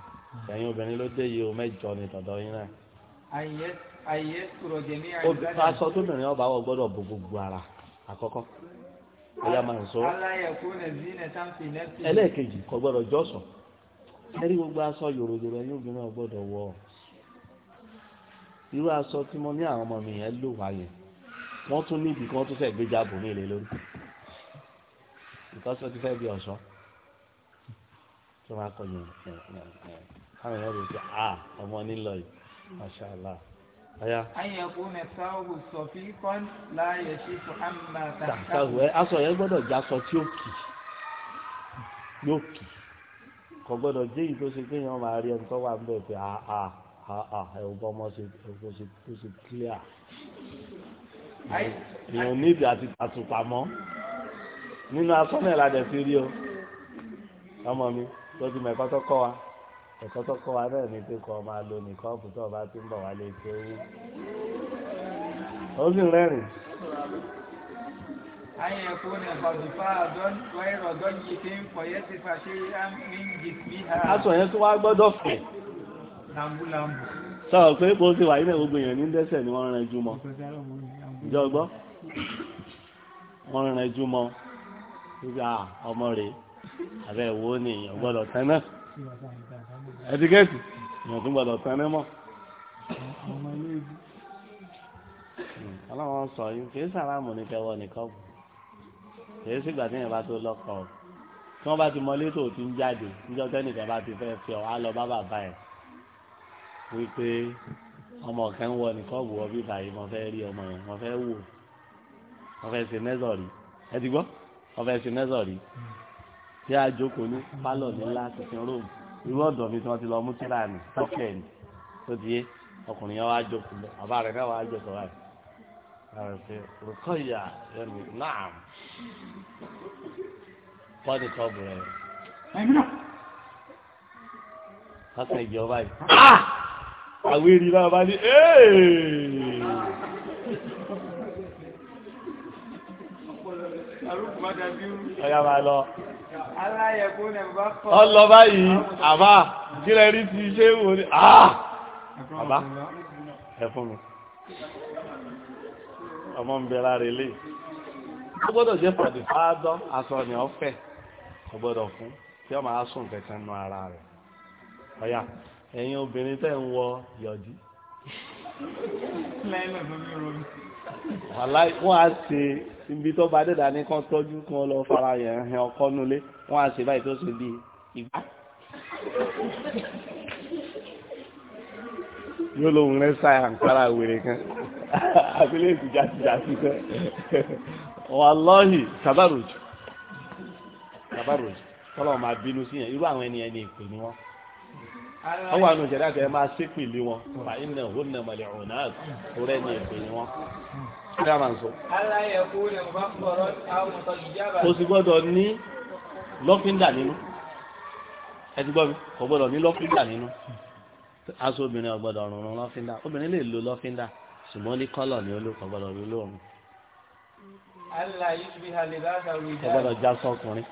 ẹ̀yin obìnrin ló dé yìí o mẹ́jọ ni tọ̀dọ̀ yín náà. àyè sọ̀rọ̀ jẹ̀ ní àyè. aṣọ tóbìnrin ọba wọ gbọ́dọ̀ bo gbogbo ara àkọ́kọ́ ẹ̀yà máa ń sọ. ẹlẹ́ẹ̀kejì kò gbọ́dọ̀ jọ́sọ̀ ẹ̀rí gbogbo aṣọ irú aṣọ tí mo ní àwọn ọmọ mi yẹn lò wá yẹn wọ́n tún níbi kí wọ́n tún fẹ́ gbéjà bò ní ilé lórí ìkọ́sọ́ ti fẹ́ bí ọ̀ṣọ́ tó máa kọ yẹn káwọn yẹn rò pé a ah, ọmọ nílò yìí masha allah. Aya. Ayẹ̀kú ni Sáwù sọ fí kọ́n láàyè sí Fúhámà Tàkàwù. Aṣọ yẹn gbọ́dọ̀ jẹ́ aṣọ tí ó kì yóò kì kò gbọ́dọ̀ jẹ́ èyí tó ṣe pé yẹn máa rí ẹni tó wà ń bẹ̀ pé àà. Ah, ah àà ah, ah, ẹ̀wọ̀n ọmọ kò sì clear èèyàn níbi àti àtùpàmọ́ nínú asọ́nà ẹ̀ ládẹ̀ fi rí o ọmọ mi tó ti mọ ẹ̀kọ́ tó kọ́ wa ẹ̀kọ́ tó kọ́ wa náà ní pé kọ́ ọ máa lo nìkọ́ọ̀pù tó o bá ti ń bọ̀ wálé tó wú ó sì rẹ́rìn. ayé ẹ̀kọ́ ni ọ̀dùnfà ọ̀dọ́ ìrọ̀dọ́ yìí ti ń pọ̀ yẹ́ ti fà ṣe é á ń gbìn jìbìhà. aṣọ yẹn tó wá gbọ́dọ̀ fẹ̀ sọ̀rọ̀ pé bó ti wà nílẹ̀ gbogbo èèyàn ní dẹ́sẹ̀ ni wọ́n rìn jù mọ́ ìjọ gbọ́ wọ́n rìn jù mọ́ nígbà ọmọ rẹ̀ abẹ́ ìwo ni èèyàn gbọ́dọ̀ tẹ́ná ẹtíkẹ́tì èèyàn tún gbọ́dọ̀ tẹ́ná mọ́. ọlọ́wọ́n sọ yìí kì í sàrámù ní kẹwọ́ nìkan kù kì í sígbà tí èèyàn bá tó lọ́kọ̀ọ́ tí wọ́n bá ti mọ létò tí ń jáde níjọ́ tẹ́nìkan bá ti fẹ́ fi ọ̀ wípé ọmọ kan wọ nìkan wù ọ bí báyìí mo fẹ́ rí ọmọ yẹn mo fẹ́ wò mo fẹ́ ṣe nẹ́sọ̀rì ẹ ti gbọ́ mo fẹ́ ṣe nẹ́sọ̀rì tí a jókòó ní pálọ̀ nílá tuntun róòmù irú ọ̀dọ̀ mi tí wọ́n ti lọ mú tíra nì tọ́kẹ̀ nì tó ti yé ọkùnrin yẹn wá jókòó lọ bàbá rẹ̀ náà wá jókòó báyìí rukọya yẹnu naam bọ́dì tọ́bù rẹ̀. kásán ìjọba yìí àwérí náà bá ní ẹ́ẹ̀ẹ́ ọ̀yá máa lọ ọlọ báyìí àbá jílẹ̀ rí ti ṣe wò ní ah! àbá ẹ̀fún mi ọmọ ń bẹ lára ilé ó gbọ́dọ̀ jẹ́ pàdé fáádọ́ aṣọ ni ọ fẹ́ ọgbọ́dọ̀ fún tí ọmọ asùn kẹkẹ́ nú ara rẹ̀ ọ̀yá ẹ̀yin obìnrin tẹ̀ ń wọ yọ̀dí. wàláì wọ́n á ṣe ibi tó bá dẹ̀dà ní kan tọ́jú kan lọ fara yẹn hẹn ọkọ nulẹ̀ wọ́n á ṣe báyìí tó ṣe bí ìgbà. yóò lóun rẹ sáyà àǹkárá wèrè kan abilé ìtìjà tìjà tìjà wàláhì sábàròjì sábàròjì kọ́lọ́ máa bínú sí yẹn irú àwọn ẹni ẹni èpè ni wọ́n ọwọ́ àánú ìṣẹ̀dá kẹ́ máa ṣépè lé wọn fà iná òun náà mọ̀lẹ̀ ọ̀hún náà rẹ̀ ní èpè ni wọn. kí a máa ń sọ. kò sì gbọ́dọ̀ ní lọ́fíńdà nínú ẹ ti gbọ́ mi kò gbọ́dọ̀ ní lọ́fíńdà nínú aṣọ obìnrin ọ̀gbọ́dọ̀ ọ̀rùn lọ́fíńdà obìnrin lè lo lọ́fíńdà ṣùgbọ́n ní kọ́lọ̀ ní olóko ọ̀gbọ́dọ̀ ní olóòrùn. ọ̀gbọ́dọ̀ já sọkùnrin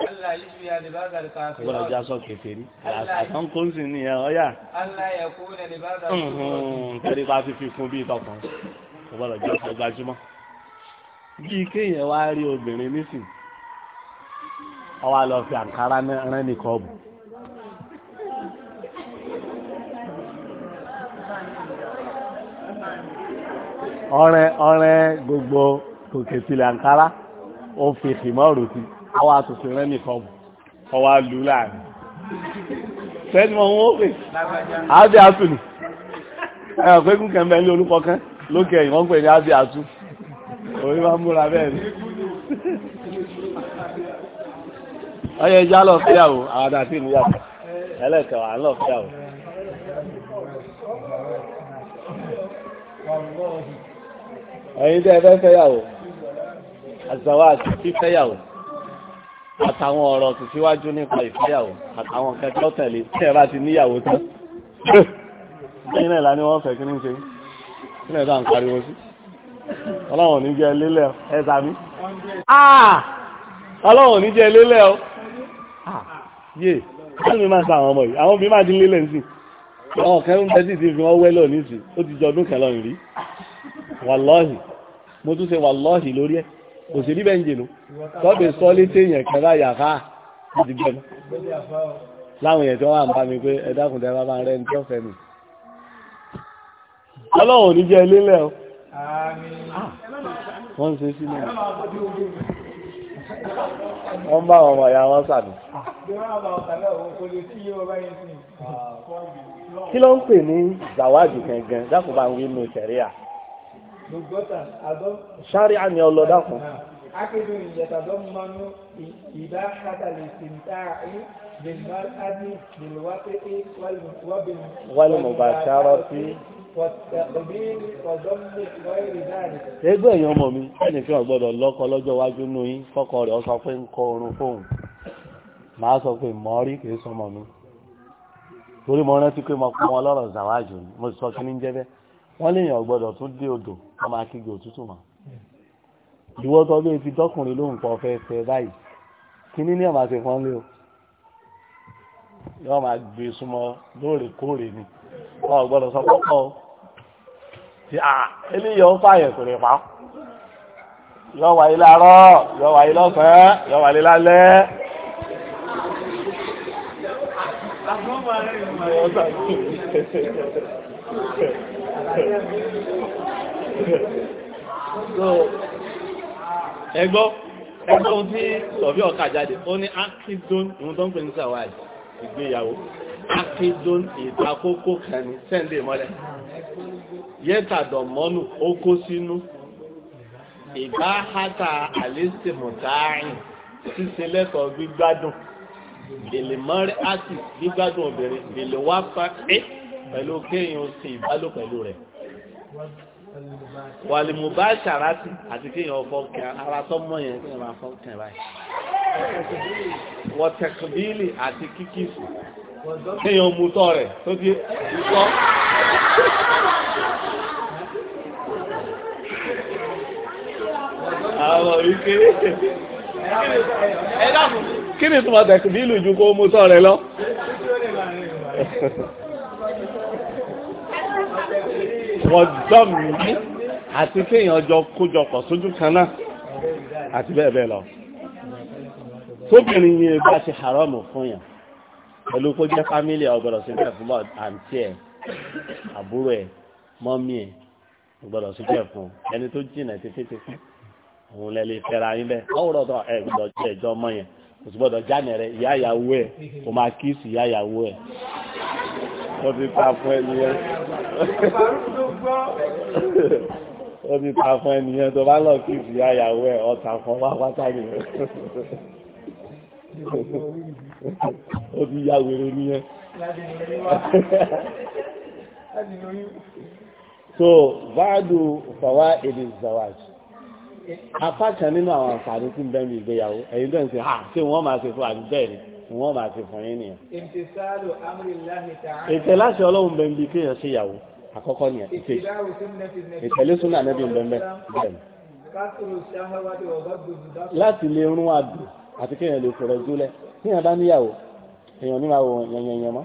gbọ́dọ̀ já sọ kẹfẹ́rí àtàn kó sì ní ẹ ọ̀yà kẹ́rí bá fífi fún bí ìtọkàn gbọ́dọ̀ já sọ gbajúmọ́ bí kéèyàn wá rí obìnrin nísìn ọwọ́ àlọ́ fi àǹkárá rán ní kọ́ọ̀bù. ọ̀rẹ́ ọ̀rẹ́ gbogbo kòkè tilẹ̀ àǹkárá ó fi fìmọ́ rò àwọn àtòsìn rẹ nìkan bù ọwọ́ àlù láàrin fẹ́ni wọn wọ́n pè ábí àtù nì ẹ̀rọ pé kún kẹ́mẹ́ ní orúkọ kan lókè ẹ̀yìn wọ́n pè ní ábí àtù orí máa múra bẹ́ẹ̀ ni ọyẹ ìjà lọ fíyàwó àwọn àti ìmúyàwó ẹlẹ́kẹ̀wà lọ fíyàwó ẹ̀yin tẹ́ fẹ́ fẹ́yàwó àtàwọn àti fífẹ́yàwó àtàwọn ọ̀rọ̀ tó síwájú nípa ìfẹ́yàwó àtàwọn kẹjọ tẹ̀lé tẹ́ bá ti níyàwó tán nílẹ̀ ìlà ni wọ́n fẹ́ kí ní ṣe nílẹ̀ tó ń pariwo sí ọlọ́wọ̀n ní jẹ́ lélẹ̀ ẹ̀sà mi ah! ọlọ́wọ̀n ní jẹ́ lélẹ̀ ọ ah! yé kí ni máa sa àwọn ọmọ yìí àwọn bí máa di lélẹ̀ ń sìn àwọn kẹrin bẹ́ẹ̀ sì ti fi wọ́n wẹ́lọ̀ nísìn ó ti jọ ọdún kẹlọ́rin rí wàlọ́ọ̀hì mo tún ṣe wàlọ́ọ̀hì lórí ẹ̀ kò sí níbẹ̀ ń jìnnú tọ́bí sọ létí èèyàn kan láyà ká láti gbẹ̀mí láwọn èèyàn tí wọ́n wà ń bá mi pé ẹ dákun tẹ́ bá bá rẹ ní tọ́fẹ́ mi ọlọ́run ò ní jẹ́ ilé lẹ́ o wọ́n ń ṣe sí náà wọ́n bá wọn mọ̀ ya wọ́n sàmì kí ló ń pè ní zawadi gangan dákun bá ń wí nù sẹ̀ríà ṣáàrí àmì ọlọ́dá kan. akéde ìyàtọ̀ mọ́nú ìdá àtàlẹ̀ ìsìntà بالمرأة بالوطئ والمباشرة والتقبيل وضم غير ذلك ẹgbẹ́ èèyàn ọmọ mi ẹni fi hàn gbọ́dọ̀ lọ́kọ lọ́jọ́ iwájú nú yín kọ́kọ rẹ̀ ọ sọ pé ń kọ orun fóun máa sọ pé mọ́ rí kìí sọmọ mi torí mo rántí pé mo kọ́ wọn lọ́rọ̀ zàwájú mo sọ kí ní jẹ́ bẹ́ẹ̀ wọ́n léèyàn gbọ́dọ̀ tún dé odò wọ́n máa kígbe òtútù mọ́ ìwọ tó bí etí dọ́kùnrin ló ń pọ̀ fẹ́ fẹ́ báyìí kíní ní ọ̀mà ti pọ́n lé o yọ́ máa gbé súnmọ́ lóòrèkóòrè ni wọ́n gbọ́dọ̀ sọ pọ́pọ́ o ti à eléyọ̀ ń fààyè kò lè pa yọ wáyé láàárọ̀ yọ wáyé lọ́sàn-án yọ wáyé lálẹ́ Thank [LAUGHS] [LAUGHS] you so ẹgbọ́ ẹgbọ́ tí sọ̀bí ọ̀ka jáde ó ní akidon ìwọ̀n tó ń pè ní sàwáì ìgbéyàwó akidon ìtakókó kẹni sẹ́ndé mọ́lẹ̀ yẹ́tàdọ̀ mọ́nù ó kó sínú ìbáhátà àlésìmọ̀tàáyìn síse lẹ́kọ̀ọ́ gbígbádùn èlèmọ́rí àti gbígbádùn obìnrin èlèwápá ẹ́ pẹ̀lú kéèyàn ó sì ìbálò pẹ̀lú rẹ̀ wàlìmù bá ṣàrátì àti kéèyàn fọ́ kẹ́ ara tó mọ́ yẹn kéèyàn máa fọ́ kẹ́ báyìí wọ̀tẹ̀kìbílì àti kíkìsù kéèyàn mú tọ́ rẹ̀ tó di ìtọ́ àwọn ìkéré ẹ dákun kí ni túmọ̀ tẹ̀kìbílì ju kó mú tọ́ rẹ̀ lọ wọ́dọ́mì àti kéèyàn jọ kójọpọ̀ sójú kan náà àti bẹ́ẹ̀ bẹ́ẹ̀ lọ tóbìnrin yìí bá ṣe haramu fún yàn pẹ̀lú kó jẹ́ fámílì ọgbọ̀dọ̀ sí pẹ̀ fún àǹtí ẹ̀ àbúrò ẹ̀ mọ́mí ẹ̀ ọgbọ̀dọ̀ sí pẹ̀ fún ẹni tó jìnà títí ti fún òun lẹ́lẹ́ fẹ́ra yín bẹ́ẹ̀ ọ̀rọ̀ tó ẹ̀ gbọ́dọ̀ jẹ́ ẹjọ́ mọ́ yẹn kò sì gbọ́dọ̀ jáde rẹ̀ ìyá ìyàwó ẹ̀ kò máa kíìsì ìyá ìyàwó ẹ̀ ó ti ta fún ẹ nìyẹn. [LAUGHS] ó ti ta fún ẹnìyàn tó bá lọ kí ìsì àyàwó ẹ̀ ọ̀tà fún wá pátá nìyẹn [LAUGHS] ó ti ya wèrè nìyẹn. [LAUGHS] so vaadu fọwọ́ èdè zawaji apá kan nínú àwọn àǹfààní tí ń bẹ́ẹ̀ ní ìgbéyàwó ẹ̀yin tó ń sè ha ah, ṣé wọ́n máa ṣe fún àdúgbẹ́ rẹ̀ wọ́n máa ṣe fún yín nìyẹn. ètè láṣẹ ọlọ́run bẹ́ẹ̀ ń bi kéèyàn ṣèyàwó àkọ́kọ́ nìyẹn ìkejì ìtẹ̀lé súnà nẹ́bí bẹ́ẹ̀ bẹ́ẹ̀ láti lè rún àdùn àti kéèyàn lè fọ̀rọ̀ jólẹ̀ kéèyàn bá níyàwó èèyàn ní máa wọ yẹnyẹnyẹn mọ́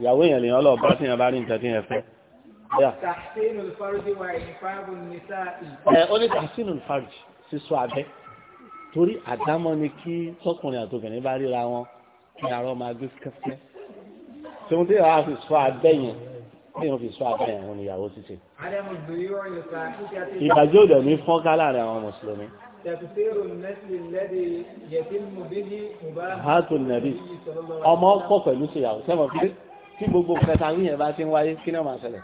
ìyàwó èèyàn lèèyàn lọ bá téèyàn bá rí nǹkan tí yẹn fẹ́. ó ní tàṣínù fàájì sísọ abẹ́ torí àdámọ́ ni kí tọkùnrin àtòkùnrin bá ríra wọn kí arọ máa gbé kẹfẹ́ tí wọ́n ti rà á fi sọ abẹ́ yẹn ní o fi sọ abẹ́ ẹ̀hún ni ìyàwó ti ìbàjẹ́ òdẹ̀ mi fọ́n ká láàrin àwọn mùsùlùmí. hàtò ọmọ pọ̀ pẹ̀lú ṣèyàwó sẹ́mọ̀ fi tí gbogbo kẹta yíyẹn bá ti ń wáyé kí náà máa ṣẹlẹ̀.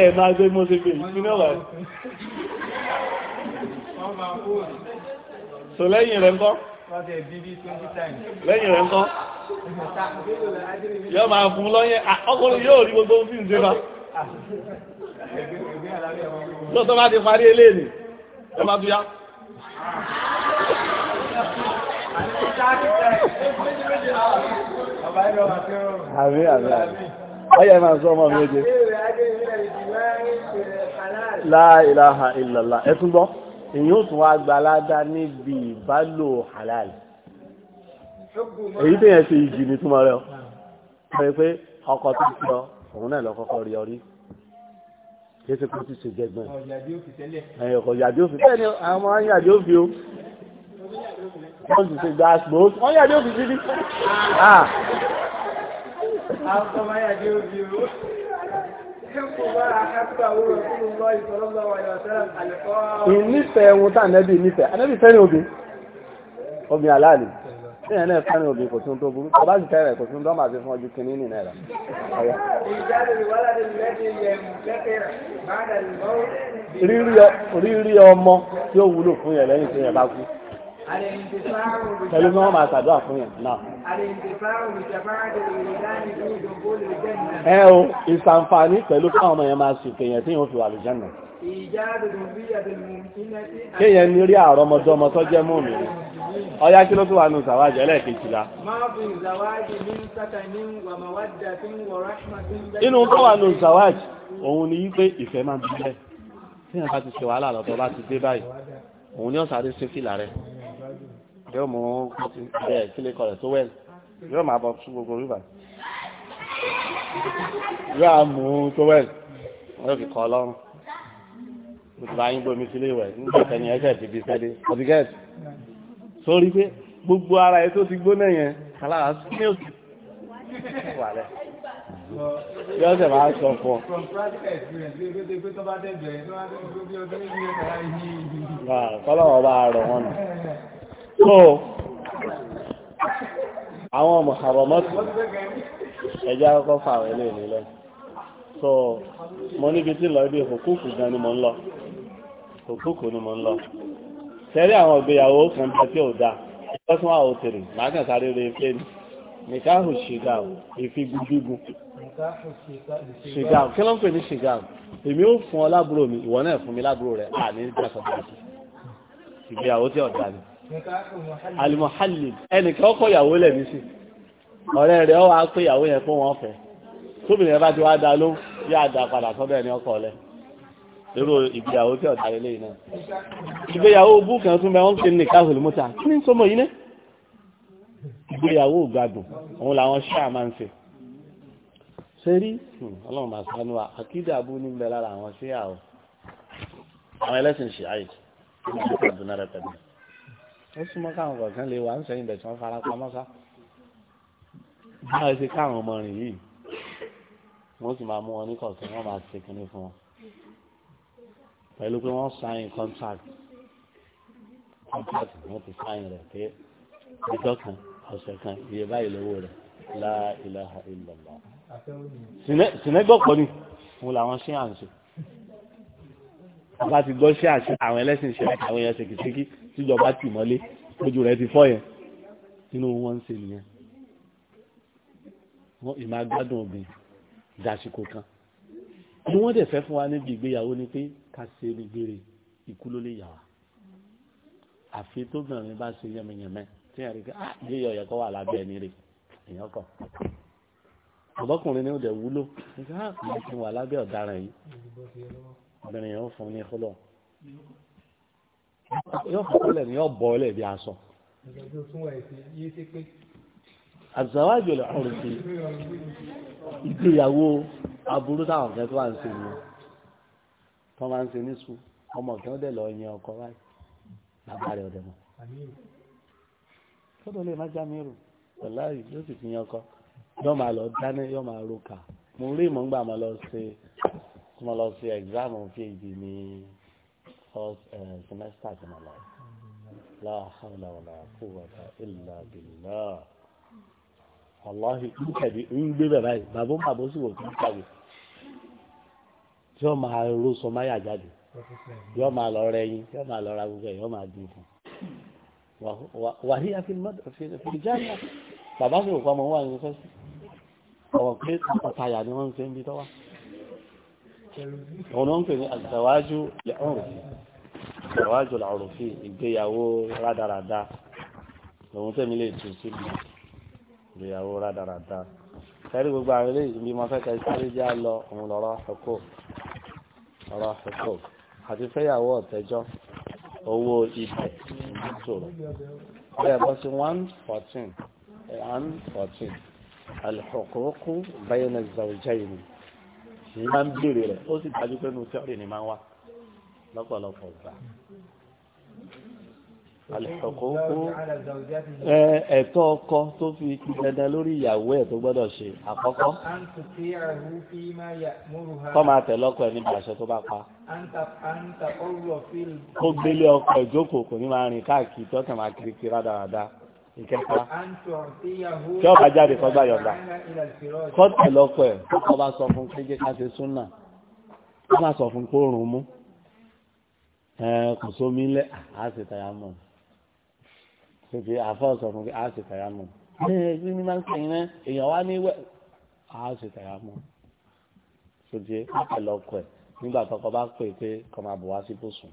ẹ máa gbé mo ti fi ìsinmi náà wáyé. sọ lẹ́yìn rẹ̀ ń kọ́ lẹ́yìn rẹ̀ ńkọ́ yọ máa fún lọ́yẹ́ ọkùnrin yóò rí gbogbo fíìmù tí bá lọ tó bá ti parí eléèlè ẹ bá túyá àmì àmì àmì ọyẹ máa sọ ọmọ mi oje la ilaha illallah ẹ èyí ó tún wá gbalada níbi ìbálò halal èyí tẹ̀yẹ̀ ṣe ìjì ní túmọ̀ rẹ̀ wọ́n rí pé ọkọ tó ti lọ òun náà lọ kọ́kọ́ rí ọrí kí ṣe kó ti ṣe jẹgbọn ẹ̀yìn ọkọ̀ yàdí òfin bẹ́ẹ̀ ni àwọn ọmọ yàdí òfin o wọ́n ti ṣe gas bó wọ́n yàdí òfin sí ní. Ah. àwọn ọmọ yàdí òfin o ìnífẹ̀ẹ́ ohun tá ànẹ́bì nífẹ̀ẹ́ ànẹ́bì fẹ́rin obìn obìn aláàlì tí ẹ̀nà fẹ́rin obìn kò tún tó burú ọba jù fẹ́rẹ̀ kò tún dọ́mà sí fún ọjọ́ kìíní ní náírà ọ̀yá rírí ọmọ tí ó wúlò fún yẹ̀ lẹ́yìn tí yẹ̀ bá kú pẹ̀lú bí wọ́n máa ṣàdúrà fún yẹn náà. ẹ o ìsànfàní pẹ̀lú káwọn ọmọ yẹn máa sùkè yẹn tí yóò fi wà lùjánà. kéèyàn ní rí àrọ́ ọmọdọ́mọ tó jẹ́ mú mi ọyá kí ló tó wà nù sàwájì ẹlẹ́ẹ̀kejìlá. inú tó wà nù sàwájì òun ni wípé ìfẹ́ máa ń bí bẹ́ẹ̀ tí wọ́n bá ti ṣe wàhálà lọ́tọ̀ bá ti dé báyìí òun ni ọ̀sán yóò mú bẹ́ẹ̀ kí lè kọ̀rẹ̀ tó wẹ̀ yóò máa bọ̀ tún gbogbo rúbà yóò mú tó wẹ̀ wọ́n fi kọ́ lọ́rùn ìgbà yín gbomi sílé ìwẹ̀ nígbà tẹ́ni ẹ̀ṣẹ̀ ti fi sẹ́lé ọdí gẹ́ẹ̀tì sórí pé gbogbo ara ẹ tó ti gbóná yẹn alára ní òsì wà lẹ́ yóò ṣe máa sọ fún ọ. kọ́lọ́wọ́ bá rọ̀ wọ́n nù tó àwọn ọmọ àrọ̀mọ́tì ẹjẹ́ akọ́kọ́ fà àwọn ilé ìnílẹ̀ tó mo níbi tí lọ ibi òkúkù gan ni mo ń lọ òkúkù ni mo ń lọ tẹ́rí àwọn ìgbéyàwó kan bá tí ò dáa ẹgbẹ́ fún àwọn òtèrè màákàn sáré rẹ pé nìkáhù ṣìgáàwó ìfigbígbígun ṣìgáàwó kí ló ń pè ní ṣìgáàwó èmi ó fún ọ lábúrò mi ìwọ náà fún mi lábúrò rẹ à ní ìgbà sọ̀tàkì ìgbéyàwó tí ọ̀dà ni alimohalil ẹnìkan ọkọ ìyàwó lẹ́mí sí ọ̀rẹ́ rẹ̀ ọwọ́ akọ ìyàwó yẹn fún wọn fẹ́ tóbìnrin bá ti wá da ló yá da padà sọ́dọ̀ ẹni ọkọ rẹ̀ lérò ìgbéyàwó tí ọ̀tá ilé náà ìgbéyàwó bú kan tún bẹ wọ́n ti ní káhùn mọ́ta kí ni sọmọ yìí náà ìgbéyàwó gbádùn òun làwọn ṣáà máa ń ṣe ṣe rí hmm, ọlọ́run máa sánú wa àkídà abú ní lára àwọn ṣíà ọ àwọn ẹlẹ́sìn ṣíà yìí ó súnmọ́ káwọn kọ̀ọ̀kan lè wà ń sẹ́yìn bẹ̀ tí wọ́n fara pamọ́ sá báyìí ṣe káwọn ọmọ rìn yìí wọ́n sì máa mú wọn ní kọ̀ọ̀kan wọ́n máa ṣe kínní fún wọn pẹ̀lú pé wọ́n sign contract contract wọ́n ti sign rẹ̀ pé ọjọ́ kan ọ̀sẹ̀ kan iye báyìí lówó rẹ̀ la ilaha illallah ni mo làwọn ṣé à ń ṣe bá ti gbọ́ ṣé àṣẹ àwọn ẹlẹ́sìn ṣe àwọn èèyàn ṣèkìṣíkì tíjọba tì mọ́lé lójú rẹ̀ ti fọ́ yẹn nínú wọn ń ṣe nìyẹn wọn ìmọ̀ agbádùn obìnrin dàsìkò kan ni wọ́n dẹ̀ fẹ́ fún wa níbi ìgbéyàwó ni pé ká ṣe gbére ikú ló lè yà wá àfi tóbìnrin bá ṣe yẹmẹyẹmẹ tí yàrá ike ah ilé ọ̀yẹ́ kọ́ wà lábẹ́ ẹni rè èèyàn kọ̀ ọ̀bọ́kùnrin ni ó dẹ̀ wúlò nígbà tí wà lábẹ́ ọ̀daràn yìí obìnrin yẹn ó fún ní kúlọ̀ yóò fọkúlẹ̀ ni yóò bọ̀ ọ́ lẹ́bi aṣọ. àzàwájú lè ọrùn sí ìgbéyàwó aburú táwọn ọ̀gá tó wà ń ṣe ni tó máa ń ṣe ní sùn ọmọ ọ̀gá ọdẹ lọ yan ọkọ báyìí bàbá rẹ ọdẹ mọ. tọ́dọ̀ lè má já mi rò pẹ̀lá yìí yóò sì fi yan ọkọ yóò máa lọ dáná yóò máa ro kà mo rí ìmọ̀ ńgbà mo lọ ṣe mo lọ ṣe ẹ̀gzáàmù first uh, semester tí mo lọ la hawla wala quwwata illa billah wàláhi nkàdí ń gbé bẹ̀ báyìí bàbá ń bàbá ó sì wò kí n kàwé yóò máa ro sọmáyà jáde yóò máa lọ rẹ yín yóò máa lọ ra gbogbo ẹ yóò máa dín fún wàhí àfìlìjáàmù bàbá mi ò pa ọmọ wa ní fẹsẹ̀ ọmọ pé àpàtàyà ni wọn ń ṣe ń bí ọ̀nà ń pè ní àzàwájú lẹ́ọ̀rùn àzàwájú làọ̀rùn fi ìgbéyàwó rádaràda lòun tẹ̀mí lè tù síbi ìgbéyàwó rádaràda kẹ́rì gbogbo àwọn eléyìí bí mo fẹ́ kẹ́ sáré já lọ òun lọ́rọ́ ẹ̀kọ́ ọ̀rọ̀ ẹ̀kọ́ àti fẹ́yàwó ọ̀tẹ́jọ́ owó ibẹ̀ sọ̀rọ̀ bẹ́ẹ̀ bọ́ sí one fourteen one fourteen alhuququ bayna zawjayn èyí máa ń béèrè rẹ̀ ó sì dájú pé nu tíọ́rì ni máa ń wà lọ́pọ̀lọpọ̀ gbà. àlẹ́kọ̀ọ́kọ́ ẹ̀tọ́ ọkọ tó fi ti dandan lórí ìyàwó ẹ̀ tó gbọ́dọ̀ ṣe àkọ́kọ́. kọ́ máa tẹ̀lé ọkọ ẹ̀ níbi àṣẹ tó bá pa. kó gbélé ọkọ ìjókòó kò ní máa rìn káàkiri tó kàn máa kiri kiri rádaràda ìkẹta tí ọba jáde kọgbà yọ̀dá kọ́tà lọ́pọ̀ ẹ̀ kọ́kọ́ bá sọ fún kéje káṣe súnà kọ́ máa sọ fún kóòrùn mú kò sómi lẹ́ àásì tàyámọ̀ fífi àfọ́ sọ fún àásì tàyámọ̀ ẹgbẹ́ ní máa ń sẹ́yìn náà èèyàn wá ní wẹ́ àásì tàyámọ̀ sóde kọ́tà lọ́pọ̀ ẹ̀ nígbà tọkọ bá pè pé kọ́ máa bọ̀ wá sí bùsùn.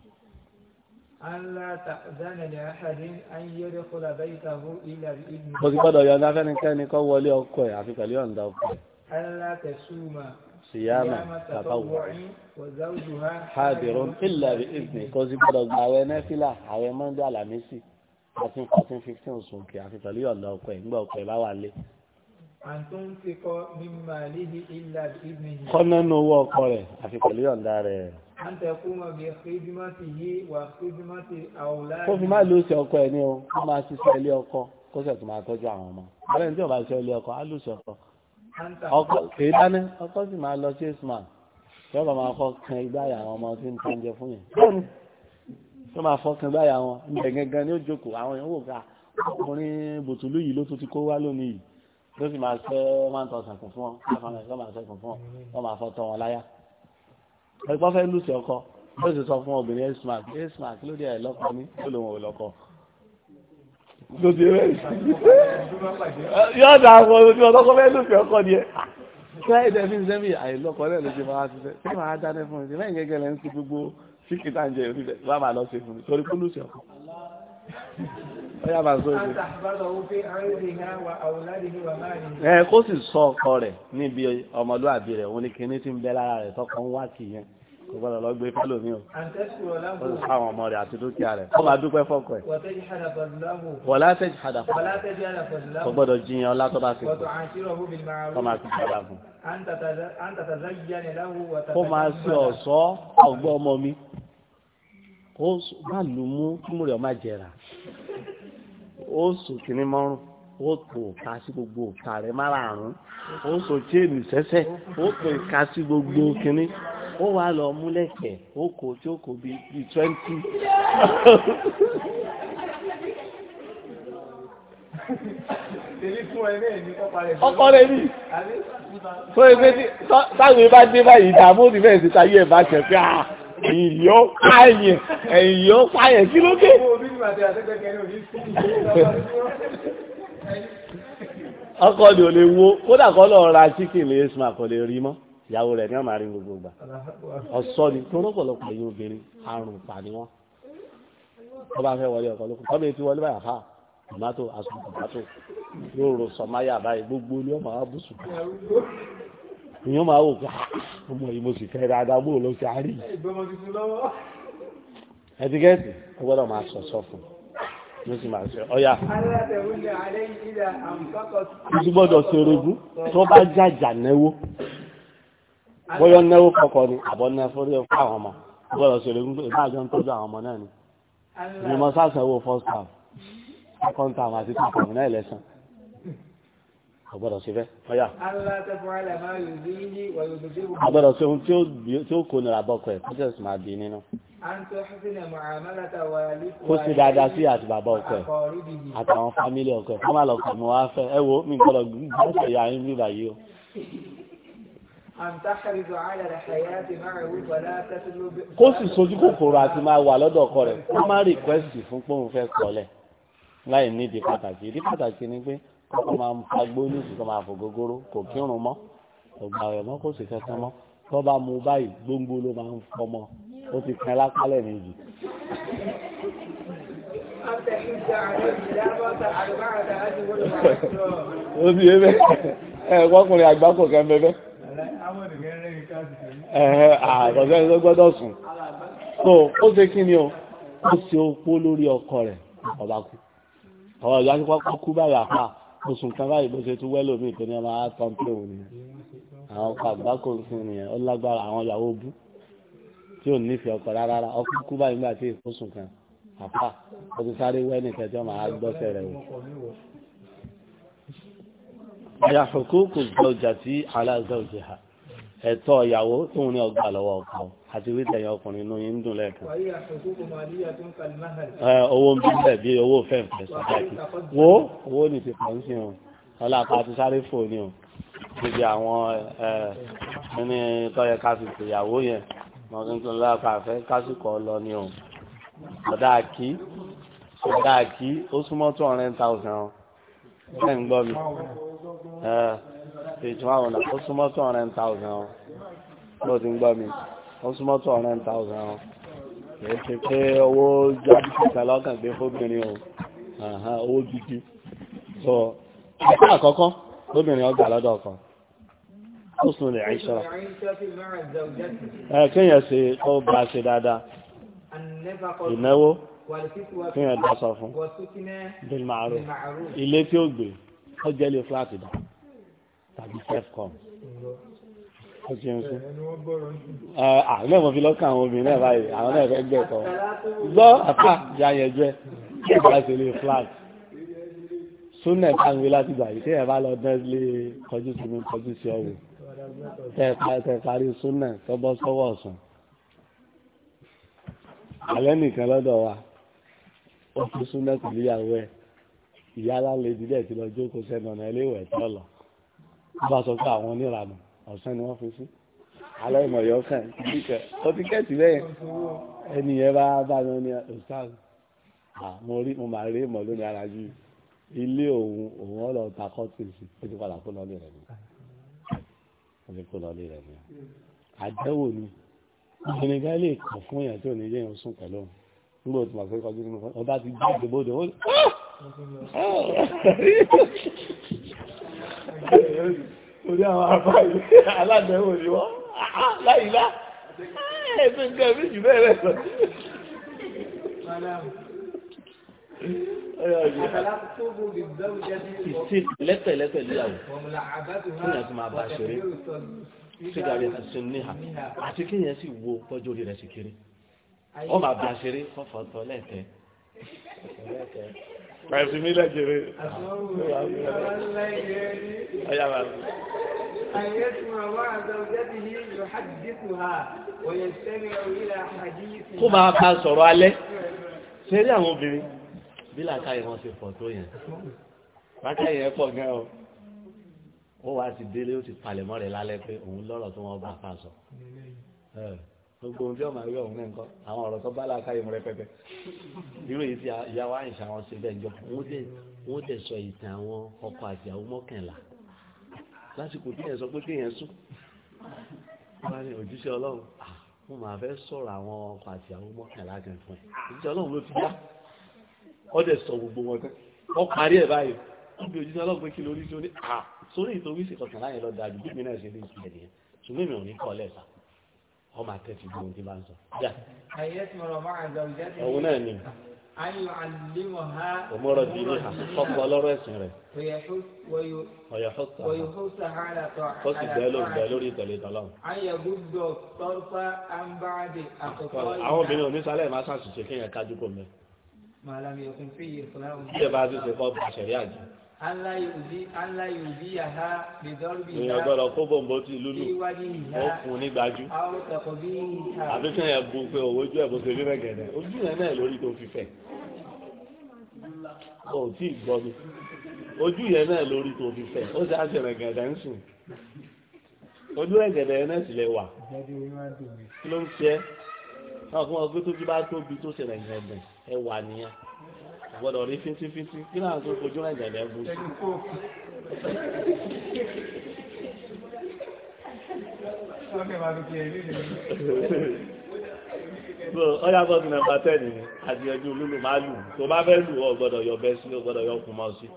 ألا تأذن لأحد أن يدخل بيته إلا بإذن الله. بس بدو يا نافن كان يقول لي أوكي عفيك اليوم ده. ألا تسوم صيام تطوع وزوجها حاضر إلا بإذن كوزي بدو دعوة نافلة عوة من دي على ميسي 14 14 15 سنكي عفيك اليوم ده أوكي مبا أوكي باوا لي. أنتم تقو من ماله إلا بإذنه. خلنا نوو أوكي عفيك اليوم ده kó fi má lóòsì ọkọ ẹ ní o kó máa ṣiṣẹ́ ilé ọkọ kó sẹ̀ tó máa tọ́jú àwọn ọmọ ọlẹ́ni tí ò bá ṣe ilé ọkọ á lóòsì ọkọ ọkọ kìí dání ọkọ sì máa lọ sí ismail tí ọba máa fọ kan igbáyà àwọn ọmọ tí ń tán jẹ fún yẹn bẹ́ẹ̀ni tó máa fọ kan igbáyà wọn ibẹ̀ gangan ni ó jókòó àwọn èèyàn wò ká ah, ọkùnrin bòtúlú yìí ló tún ti kó wá lónìí yìí ló sì máa ṣẹ́ one thousand kún fún wọn five hundred ẹgbọ́n fẹ́ lùsì ọkọ bó ṣe sọ fún obìnrin esmark esmark ló dé ẹ̀ lọ́kọ ní tó lòun ò lọ́kọ. ló ti rẹ̀ yóò dà àwọn ojú ọlọ́kọ fẹ́ lùsì ọkọ ni ẹ. fẹ́ẹ́ dẹ́ fi sẹ́mi àìlọ́kọ náà ló ti máa ṣiṣẹ́ tí màá dáná fún mi lẹ́yìn gẹ́gẹ́ lẹ́ ń ti gbogbo síkì tá à ń jẹ orí rẹ̀ wá máa lọ sí fún mi torí kó lùsì ọkọ ọyá bá sọ èdè. ẹ kó sì sọ ọkọ rẹ̀ níbi ọmọlúwàbí rẹ̀ òun ni kinní tí ń bẹ lára rẹ̀ tọkọ ń wá kì yẹn kò gbọ́dọ̀ lọ gbé fẹ́lò ní o ó sì fáwọn ọmọ rẹ̀ àti dúkìá rẹ̀ kó máa dúpẹ́ fọ́kọ ẹ̀ wọ́n látẹ̀ jìhàdà fọ́kọ kò gbọ́dọ̀ jiyàn ọlá tó bá ti kọ́ kó máa fi jàdà fún kó máa sí ọ̀ṣọ́ ọgbọ́n ọmọ mi kó má lù kí mú rẹ̀ ọmọ jẹ̀rà ó sùn kìíní mọ́rùn ó pò ká sí gbogbo òkà rẹ̀ márààrún ó sọ chéènì sẹ́sẹ̀ ó pò ká sí gbogbo kìíní ó wà lọ múlẹ̀kẹ̀ ó kò tí ó kò bíi twenty ọkọ rẹ ni tó ẹgbẹ́ tí táwọn ìbá dé báyìí ìdààmú òdìbẹ́ẹ̀sì táyé ẹ̀ bá ṣẹ̀ pé àá. Ah, ìyọ́ pààyàn ẹ̀yọ́ pààyàn kí ló dé ọkọ̀ ni ò lè wo kódà kọ́ lọ ra chicken lè sma kò lè rí mọ́ ìyàwó rẹ̀ ní ọmọ àárín gbogbo gbà ọ̀sọ́ ni tó rọ́pọ̀lọpọ̀ yóò obìnrin àrùn pa ni wọ́n tó bá fẹ́ wọlé ọkọ̀ lókun tọ́bí tí wọlé báyà fáà tòmátò aṣọ tòmátò yóò rò sọmáyà báyìí gbogbo ní ọmọ abúsùn èèyàn máa wò pé ah, ọmọ yìí mo sì fẹ́ dáadáa bóòlù ló ti àárí ẹtíkẹ́tì ó gbọ́dọ̀ máa sọ̀sọ́ fún ló sì máa ṣe ọ̀yà ó sì gbọ́dọ̀ ṣe orogún tó bá jàjà náwó bóyá náwó kọkọ ni àbọ̀ náà fún àwọn ọmọ gbọ́dọ̀ ṣe orogún ìbá àjọ ń tọ́jú àwọn ọmọ náà ni ìrìnmọ́ sáà first half second half àti two half náà lẹ́sàn àgbọ́dọ̀ sí fẹ́ ọ̀yà. àgbọ́dọ̀ sí ohun tí ó kó nira bọ́kọ̀ ẹ̀ kọ́sẹ̀ sì máa bí nínú. kó sì dáadáa sí àti bàbá ọkọ ẹ̀ àtàwọn fámílì ọkọ ẹ̀ fọ́nmà lọ́kọ̀ mọ́ wá fẹ́ ẹ wo mi gbọ́dọ̀ gbọ́dọ̀ ya yín bí báyìí o. kó sì sojú kòkòrò àti máa wà lọ́dọ̀ ọkọ rẹ̀ kó má rìkwẹ́sì fún pé òun fẹ́ kọ́lẹ̀ láì nídìí kó máa ń fagbó ní ìsìnkú máa fò gógóró kò kírun mọ́ kò gbà rẹ̀ mọ́ kò sì kankan mọ́ tó bá mu báyìí gbóngbó ló máa ń fọmọ ó ti kan lápálẹ̀ méjì. ó sì ébẹ́ ẹ wọ́kùnrin àgbà kò kẹ́ mbẹ́bẹ́. àkọsẹ́ ló gbọ́dọ̀ sùn tó ó ṣe kí ni o ó ṣe opó lórí ọkọ rẹ̀ ọba kú ọba ìgbà tí wọ́n kú báyìí àpá oṣù kan báyìí bó ṣe tún wẹ́lò mí ìpínlẹ̀ ọmọ akọ́ńpé òun ni àwọn ọkọ̀ àgbákò fún ni ó lágbára àwọn ìyàwó bú tí ò nífẹ̀ẹ́ ọkọ̀ rárá ọkọ̀ kú báyìí nígbà tí ìkóṣù kan àpá ó ti sáré wẹ́ nìkan tí ọmọ agbọ́sẹ̀ rẹ̀ wò. ọ̀yà kò gbọ́ ọjà sí aláàzọ́ òjì ha ẹ̀tọ́ ìyàwó tóun ní ọgbà lọ́wọ́ ọkọ̀ àti wíta ẹ̀yà ọkùnrin inú yín ń dùn lẹ́ẹ̀kan. owó ń bílẹ̀ bí owó fẹ̀fẹ̀ sàdáàkì wo owó ní ti pọ̀ ń sìn o ọlọ́pàá àti sáré fò ní o níbi àwọn ẹni tọ́yẹ káfíńtì ìyàwó yẹn mọ̀túntún lọ́pàá àfẹ́ kásìkò lọ ní o sàdáàkì sàdáàkì ó súnmọ́ two hundred thousand ṣe ń gbọ́ mi ètò àwọn ọ̀nà ó súnmọ́ two hundred thousand ó ti ń gbọ́ mi ó súnmọ́ tó ọ̀rẹ́ ń wọn kìí ṣe pé owó jáde kíkà lọ́kàn gbé fóbìnrin owó gidi so ẹ̀kọ́ àkọ́kọ́ fóbìnrin ọgbà lọ́dọ̀ ọkọ ó sùn lè àìṣọ́ ẹ̀kẹ́yẹ̀ sí ó bá ṣe dáadáa ìnáwó àlẹ́ mọ̀ fi lọ́kàn àwọn obìnrin náà báyìí àwọn náà fẹ́ gbẹ̀ tọ́ gbọ́ àpá yàyẹ̀jẹ́ kí ìgbà ṣe flat súnẹ̀ káńgbé láti gbà yìí téèyàn bá lọ dán kọjú sí mi kọjú sí ọ̀wọ̀ tẹ parí súnẹ̀ tó sọ́wọ́ ọ̀sán àlẹ́ nìkan lọ́dọ̀ wa ó fi súnẹ̀ pẹ̀lú ìyàwó ẹ̀ ìyá alálejò dẹ̀ ti lọ jókòó sẹ́nu ọ̀nà ilé tọ́lọ̀ ó bá sọ pé àwọn oníranù ọ̀sán ni wọ́n fi sí alẹ́ ìmọ̀ yọ kàn kíkẹ́ ó ti kẹ́ẹ̀tì bẹ́ẹ̀ ẹni yẹn bá bá mi ní ọ̀sán mo rí mo máa rí ìmọ̀ lónìí ara yìí ilé òun òun ọ̀lọ́ ta kọ́tìsì ó ti padà kó lọ́lé rẹ̀ ni ó ti kó lọ́lé rẹ̀ ni àdẹ́wò ni ìgbìnigá lè kàn fún èèyàn tí ò ní yé èèyàn sùn pẹ̀lú òun nígbà tí màá fẹ́ kọjú nínú fún ọba ti gbé ìdìbòdò ó ah! [LAUGHS] orí àwọn àbáyé aládẹ́wò ni wọ́n láìlá ẹ̀ẹ́dẹ́ nǹkan bí jù bẹ́ẹ̀ rẹ̀ sọ. Ìsìn lẹ́tẹ̀lẹ́tẹ̀ níyàwó, kí ni a ti máa bá ṣeré, sígárì ìsìn níhà, àti kí yẹn sì wo pọ́jú orí rẹ̀ sì kéré. Wọ́n máa bá ṣeré, fọ́fọ́ tọ́ lẹ́tẹ̀ẹ́. Pẹ̀sì mi lẹ́jẹ̀rẹ̀. أن يسمع وعى زوجته يحدثها ويستمع إلى حديثها. Kó máa bá sọ̀rọ̀ alẹ́. Ṣé rí àwọn obìnrin? Bí làákàyè wọn ṣe pọ̀ tó yẹn. Làákàyè ẹ̀ pọ̀ gan o. Ó wá ti délé ó ti palẹ̀mọ́ rẹ̀ lálẹ́ pé òun lọ́rọ̀ tó wọ́n bá fa gbogbo ohun tí ọmọ ayé ọ̀hún náà àwọn ọ̀rọ̀ tó bá láàká ìmú rẹpẹpẹ irú èyí tí ìyá wa ń ṣe àwọn ṣe bẹ́ẹ̀ jọ wọ́n dẹ̀ sọ ìtàn àwọn ọkọ àjàwó mọ́kànlá lásìkò tí yẹn sọ pé kéèyàn sùn wọ́n ní òjíṣẹ́ ọlọ́run mo máa fẹ́ sọ̀rọ̀ àwọn ọkọ àjàwó mọ́kànlá gan fún ẹ òjíṣẹ́ ọlọ́run ló fi dá ọ dẹ̀ sọ gbogbo wọn tán ọ parí ẹ̀ báyìí wọ́n fi pé kí lórí sórí sórí ìtòwísì ọmọ àtẹ́tì bí ohun tí bá ń sọ. òun náà ni òmòrò bí ní àkọ́kọ́ ọlọ́rọ̀ ẹ̀sìn rẹ̀ ọ̀yọ̀họ́sà ó sì bẹ́ẹ̀ lórí bẹ́ẹ̀ lórí ìtẹ̀lé ìtọ́lọ́run. àwọn obìnrin onísàlẹ̀ máa ṣàṣìṣe kéèyàn kájú kò mẹ́. bí ẹ bá ti ṣe kọ́ bá ṣẹ̀rí àjẹ́ èèyàn gbọ́dọ̀ kó bọ̀m̀bọ̀ tí ìlú lù ó fún un ní gbajú àbí kí èèyàn bu pé òwò ojú ẹ̀ bó ṣe rí rẹ̀gẹ̀dẹ̀ ojú yẹn náà lórí tó fi fẹ̀ ó tí ì gbọ́ mi ojú yẹn náà lórí tó fi fẹ̀ ó sì á ṣe rẹ̀gẹ̀dẹ̀ ń sùn ojú rẹ̀gẹ̀dẹ̀ yẹn náà sì lè wà kí ló ń ṣe ẹ́ náà fún ọ bá tóbi tó ṣe rẹ̀gẹ̀dẹ̀ ẹ wà nìyẹn gbọ́dọ̀ rí fíntífíntí kí náà tó fojú rẹ̀ jẹ̀dẹ̀ bú sí. so ọyá bọ́ọ̀dù nàmbà tẹ́ẹ̀nì àti ẹjú lúlù máa lù tó bá fẹ́ lù ọ gbọ́dọ̀ yọ bẹ́ sí ọ gbọ́dọ̀ yọ kùn mọ́ sí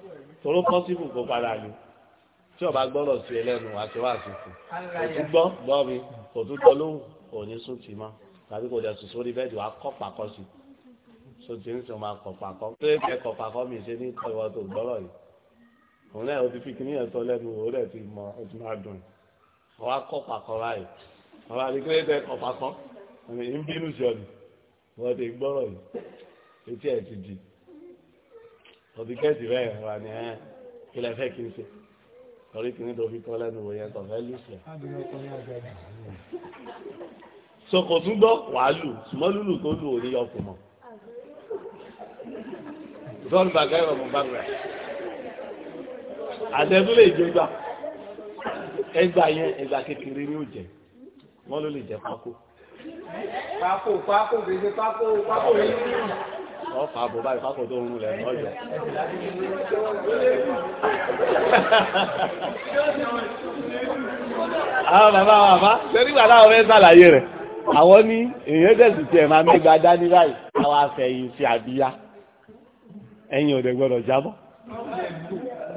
toró pọ́sibù kó padà lù tí ọba gbọ́dọ̀ sí ẹlẹ́nu àti wá àsìkò kò tún gbọ́ gbọ́ mi kò tún gbọ́ lóhùn kò ní sùn tì mọ́ tàbí kò dẹ̀ sùn sórí bẹ́ẹ̀dì wàá kọ́ pàkọ́ sí i tó ti ń sọ máa kọ̀pàkọ́ tó yẹ kẹ́ kọ̀pàkọ́ mi ṣe ní kọ́ ìwọ tó gbọ́rọ̀ yìí òun náà ó ti fi kíní yẹn sọ lẹ́nu òun rẹ̀ ti mọ ó ti máa dùn ọ wá kọ̀pàkọ́ báyìí ọba àdìgbò yẹn tẹ kọ̀pàkọ́ ń bínú sí ọ ni wọ́n ti gbọ́rọ̀ yìí etí ẹ̀ ti di ọdún kẹ́sì bẹ́ẹ̀ wà ní ẹ́ kí lẹ fẹ́ kí n ṣe torí kí ní tó fi tọ́ lẹ́nu wòye tó fẹ́ lù sí ẹ̀. so tún gbọ́ wàá lù zọ́ọ̀nù bàgá ìwà mọ̀bàgbà àdẹ́bí lè jẹ gbà ẹgbà yẹn ẹgbà kékeré ni ó jẹ wọ́n ló lè jẹ pákó. pákó pákó gbèsè pákó pákó yìí. wọ́n fà bò báyìí tó ń àwọn bàbá sẹ́ni gbàdá àwọn ẹ̀ sàlàyé rẹ̀ àwọn ní tiẹ̀ máa mẹ́gbàá dání báyìí àwọn ẹ̀yìn ọ̀dẹ̀ gbọ́dọ̀ jábọ́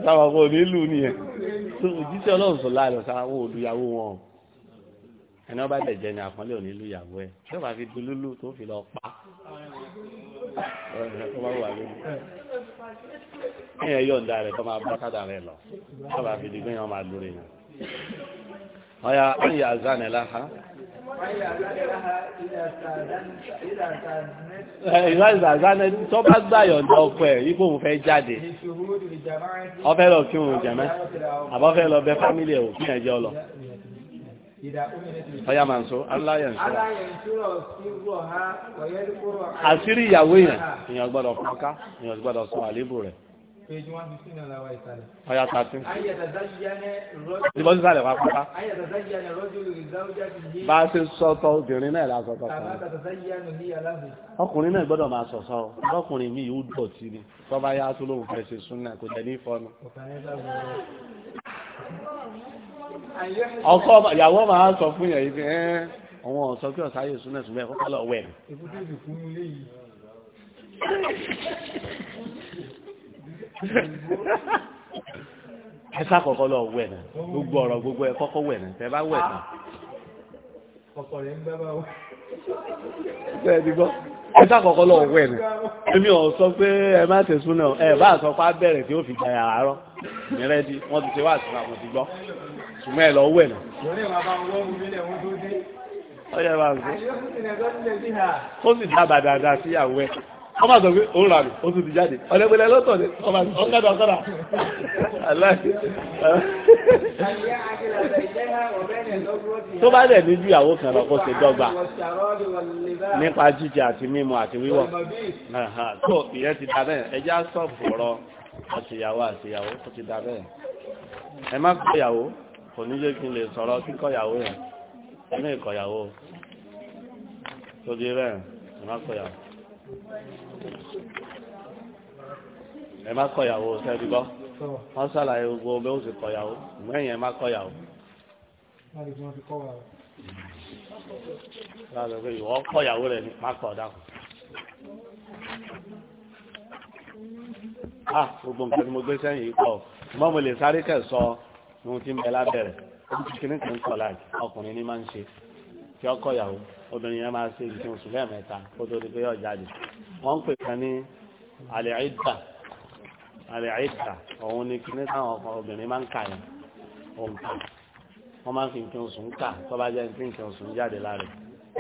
sáwọn kò nílù nìyẹn tó òjíṣẹ́ ọlọ́run sọ láàrọ̀ sáwọn olùyàwó wọn o ẹni ọba ilẹ̀ jẹ́ ni àpọ́nlé onílù ìyàwó ẹ̀ tí ó bá fi dulúlù tó fi lọ pa ẹ̀yọ̀ ń darẹ̀ kọ́ máa bọ́ sádà rẹ̀ lọ tí ó bá fi digbẹ́yàn máa lórí yàn. هيا أي يأذان لها ìwà ìzàzánẹ tó bá gbàyọ̀ndọ̀ ọkọ̀ ẹ̀ ipò òun fẹ́ jáde ọfẹ́ lọ kí òun jẹ̀mẹ́ àbọ́fẹ́ lọ bẹ fámílì ẹ̀wò kí ẹjẹ́ ọlọ ọya ma ń sọ àṣírí ìyàwó èèyàn èèyàn gbọ́dọ̀ fọ́ká èèyàn gbọ́dọ̀ sọ àlébù rẹ̀ page one fifteen náà làwọn ìsàlẹ̀. ọ̀yà tààtì. ìbọn sísàlẹ̀ wà pátá. bá a ṣe sọ́tọ̀ obìnrin náà lásán tọ́ kan. ọkùnrin náà gbọ́dọ̀ máa sọ̀sọ́ o ọkùnrin mi yóò dọ̀tí ni tó bá yá tó lóun fẹ́ ṣe súnà kò tẹ̀ ní fọ́nù. ọkọ ìyàwó máa sọ fún yẹn yìí pé ẹ́ àwọn ọ̀sọ́ kí ọ̀sá yóò súnà súnmọ́ ẹ̀kọ́ kọ́lọ̀ wẹ̀ ẹ sàkọ́kọ́ lọ wẹ̀ náà gbogbo ọ̀rọ̀ gbogbo ẹ kọ́kọ́ wẹ̀ náà tẹ bá wẹ̀ náà. ọkọ rẹ ń gbá bá wọn. bẹ́ẹ̀ ni gbọ́ ẹ sàkọ́kọ́ lọ wẹ̀ náà èmi ò sọ pé ẹ má tẹ̀sùn náà ẹ bá sọ pé á bẹ̀rẹ̀ tí ó fi jàyà àárọ̀ mi rẹ́ di wọ́n ti ṣe wá àtúnṣe àwọn ti gbọ́ ṣùgbọ́n ẹ lọ wẹ̀ náà. ó yẹ bá ń sọ ó sì dábàá dáadáa síyàwó ẹ̀ ọmọ àgbà pé òun rà mí ó tún ti jáde ọ̀lẹ́gbẹ̀lẹ́ lọ́tọ̀ ni ọmọ àgbà ọ̀kadà ọ̀kadà aláì. tó bá dẹ̀ ní ìyàwó kan lọ́kọ́ ṣe dọ́gba nípa jíjẹ àti mímu àti wíwọ̀ tó ìyẹn ti da bẹ́ẹ̀ ẹ já sọ́ọ̀bù ọ̀rọ̀ àtìyàwó àtìyàwó tó ti da bẹ́ẹ̀ ẹ má kọ́ ìyàwó kò ní jẹ́ kí n lè sọ̀rọ̀ kíkọ́ ìyàwó yẹn ẹ ní ìkọ̀yàwó tó di rẹ̀ ẹ má kọ́ ìyàwó ẹ má kọ̀yàwó sẹ́ẹ̀dì gbọ́ wọ́n ṣàlàyé gbogbo bẹ́ẹ̀ ó sì kọ̀yàwó mẹ́yìn ẹ má kọ̀yàwó. láti pé ìwọ kọ̀yàwó rẹ̀ ní pápá ọ̀dà kù. a gbogbo nǹkan tí mo gbé sẹ́yìn yìí pọ̀ mọ́ mo lè sáré kẹ̀ sọ ohun tí ń bẹ lábẹ́rẹ̀ ó ti kíní kan kọ̀ láì ọkùnrin ní máa ń ṣe kí ọkọ̀ yàwó obìnrin yẹn máa ṣe nǹkan oṣù lẹ́ẹ̀mẹ́ta kó tó di pé yóò jáde wọ́n ń pè kan ní àlẹ́ẹ̀dà àlẹ́ẹ̀dà òun ni kíní táwọn obìnrin máa ń kà yẹn òun kà wọ́n máa ń fi nǹkan oṣù ń kà tó bá jẹ́ ní nǹkan oṣù ń jáde lára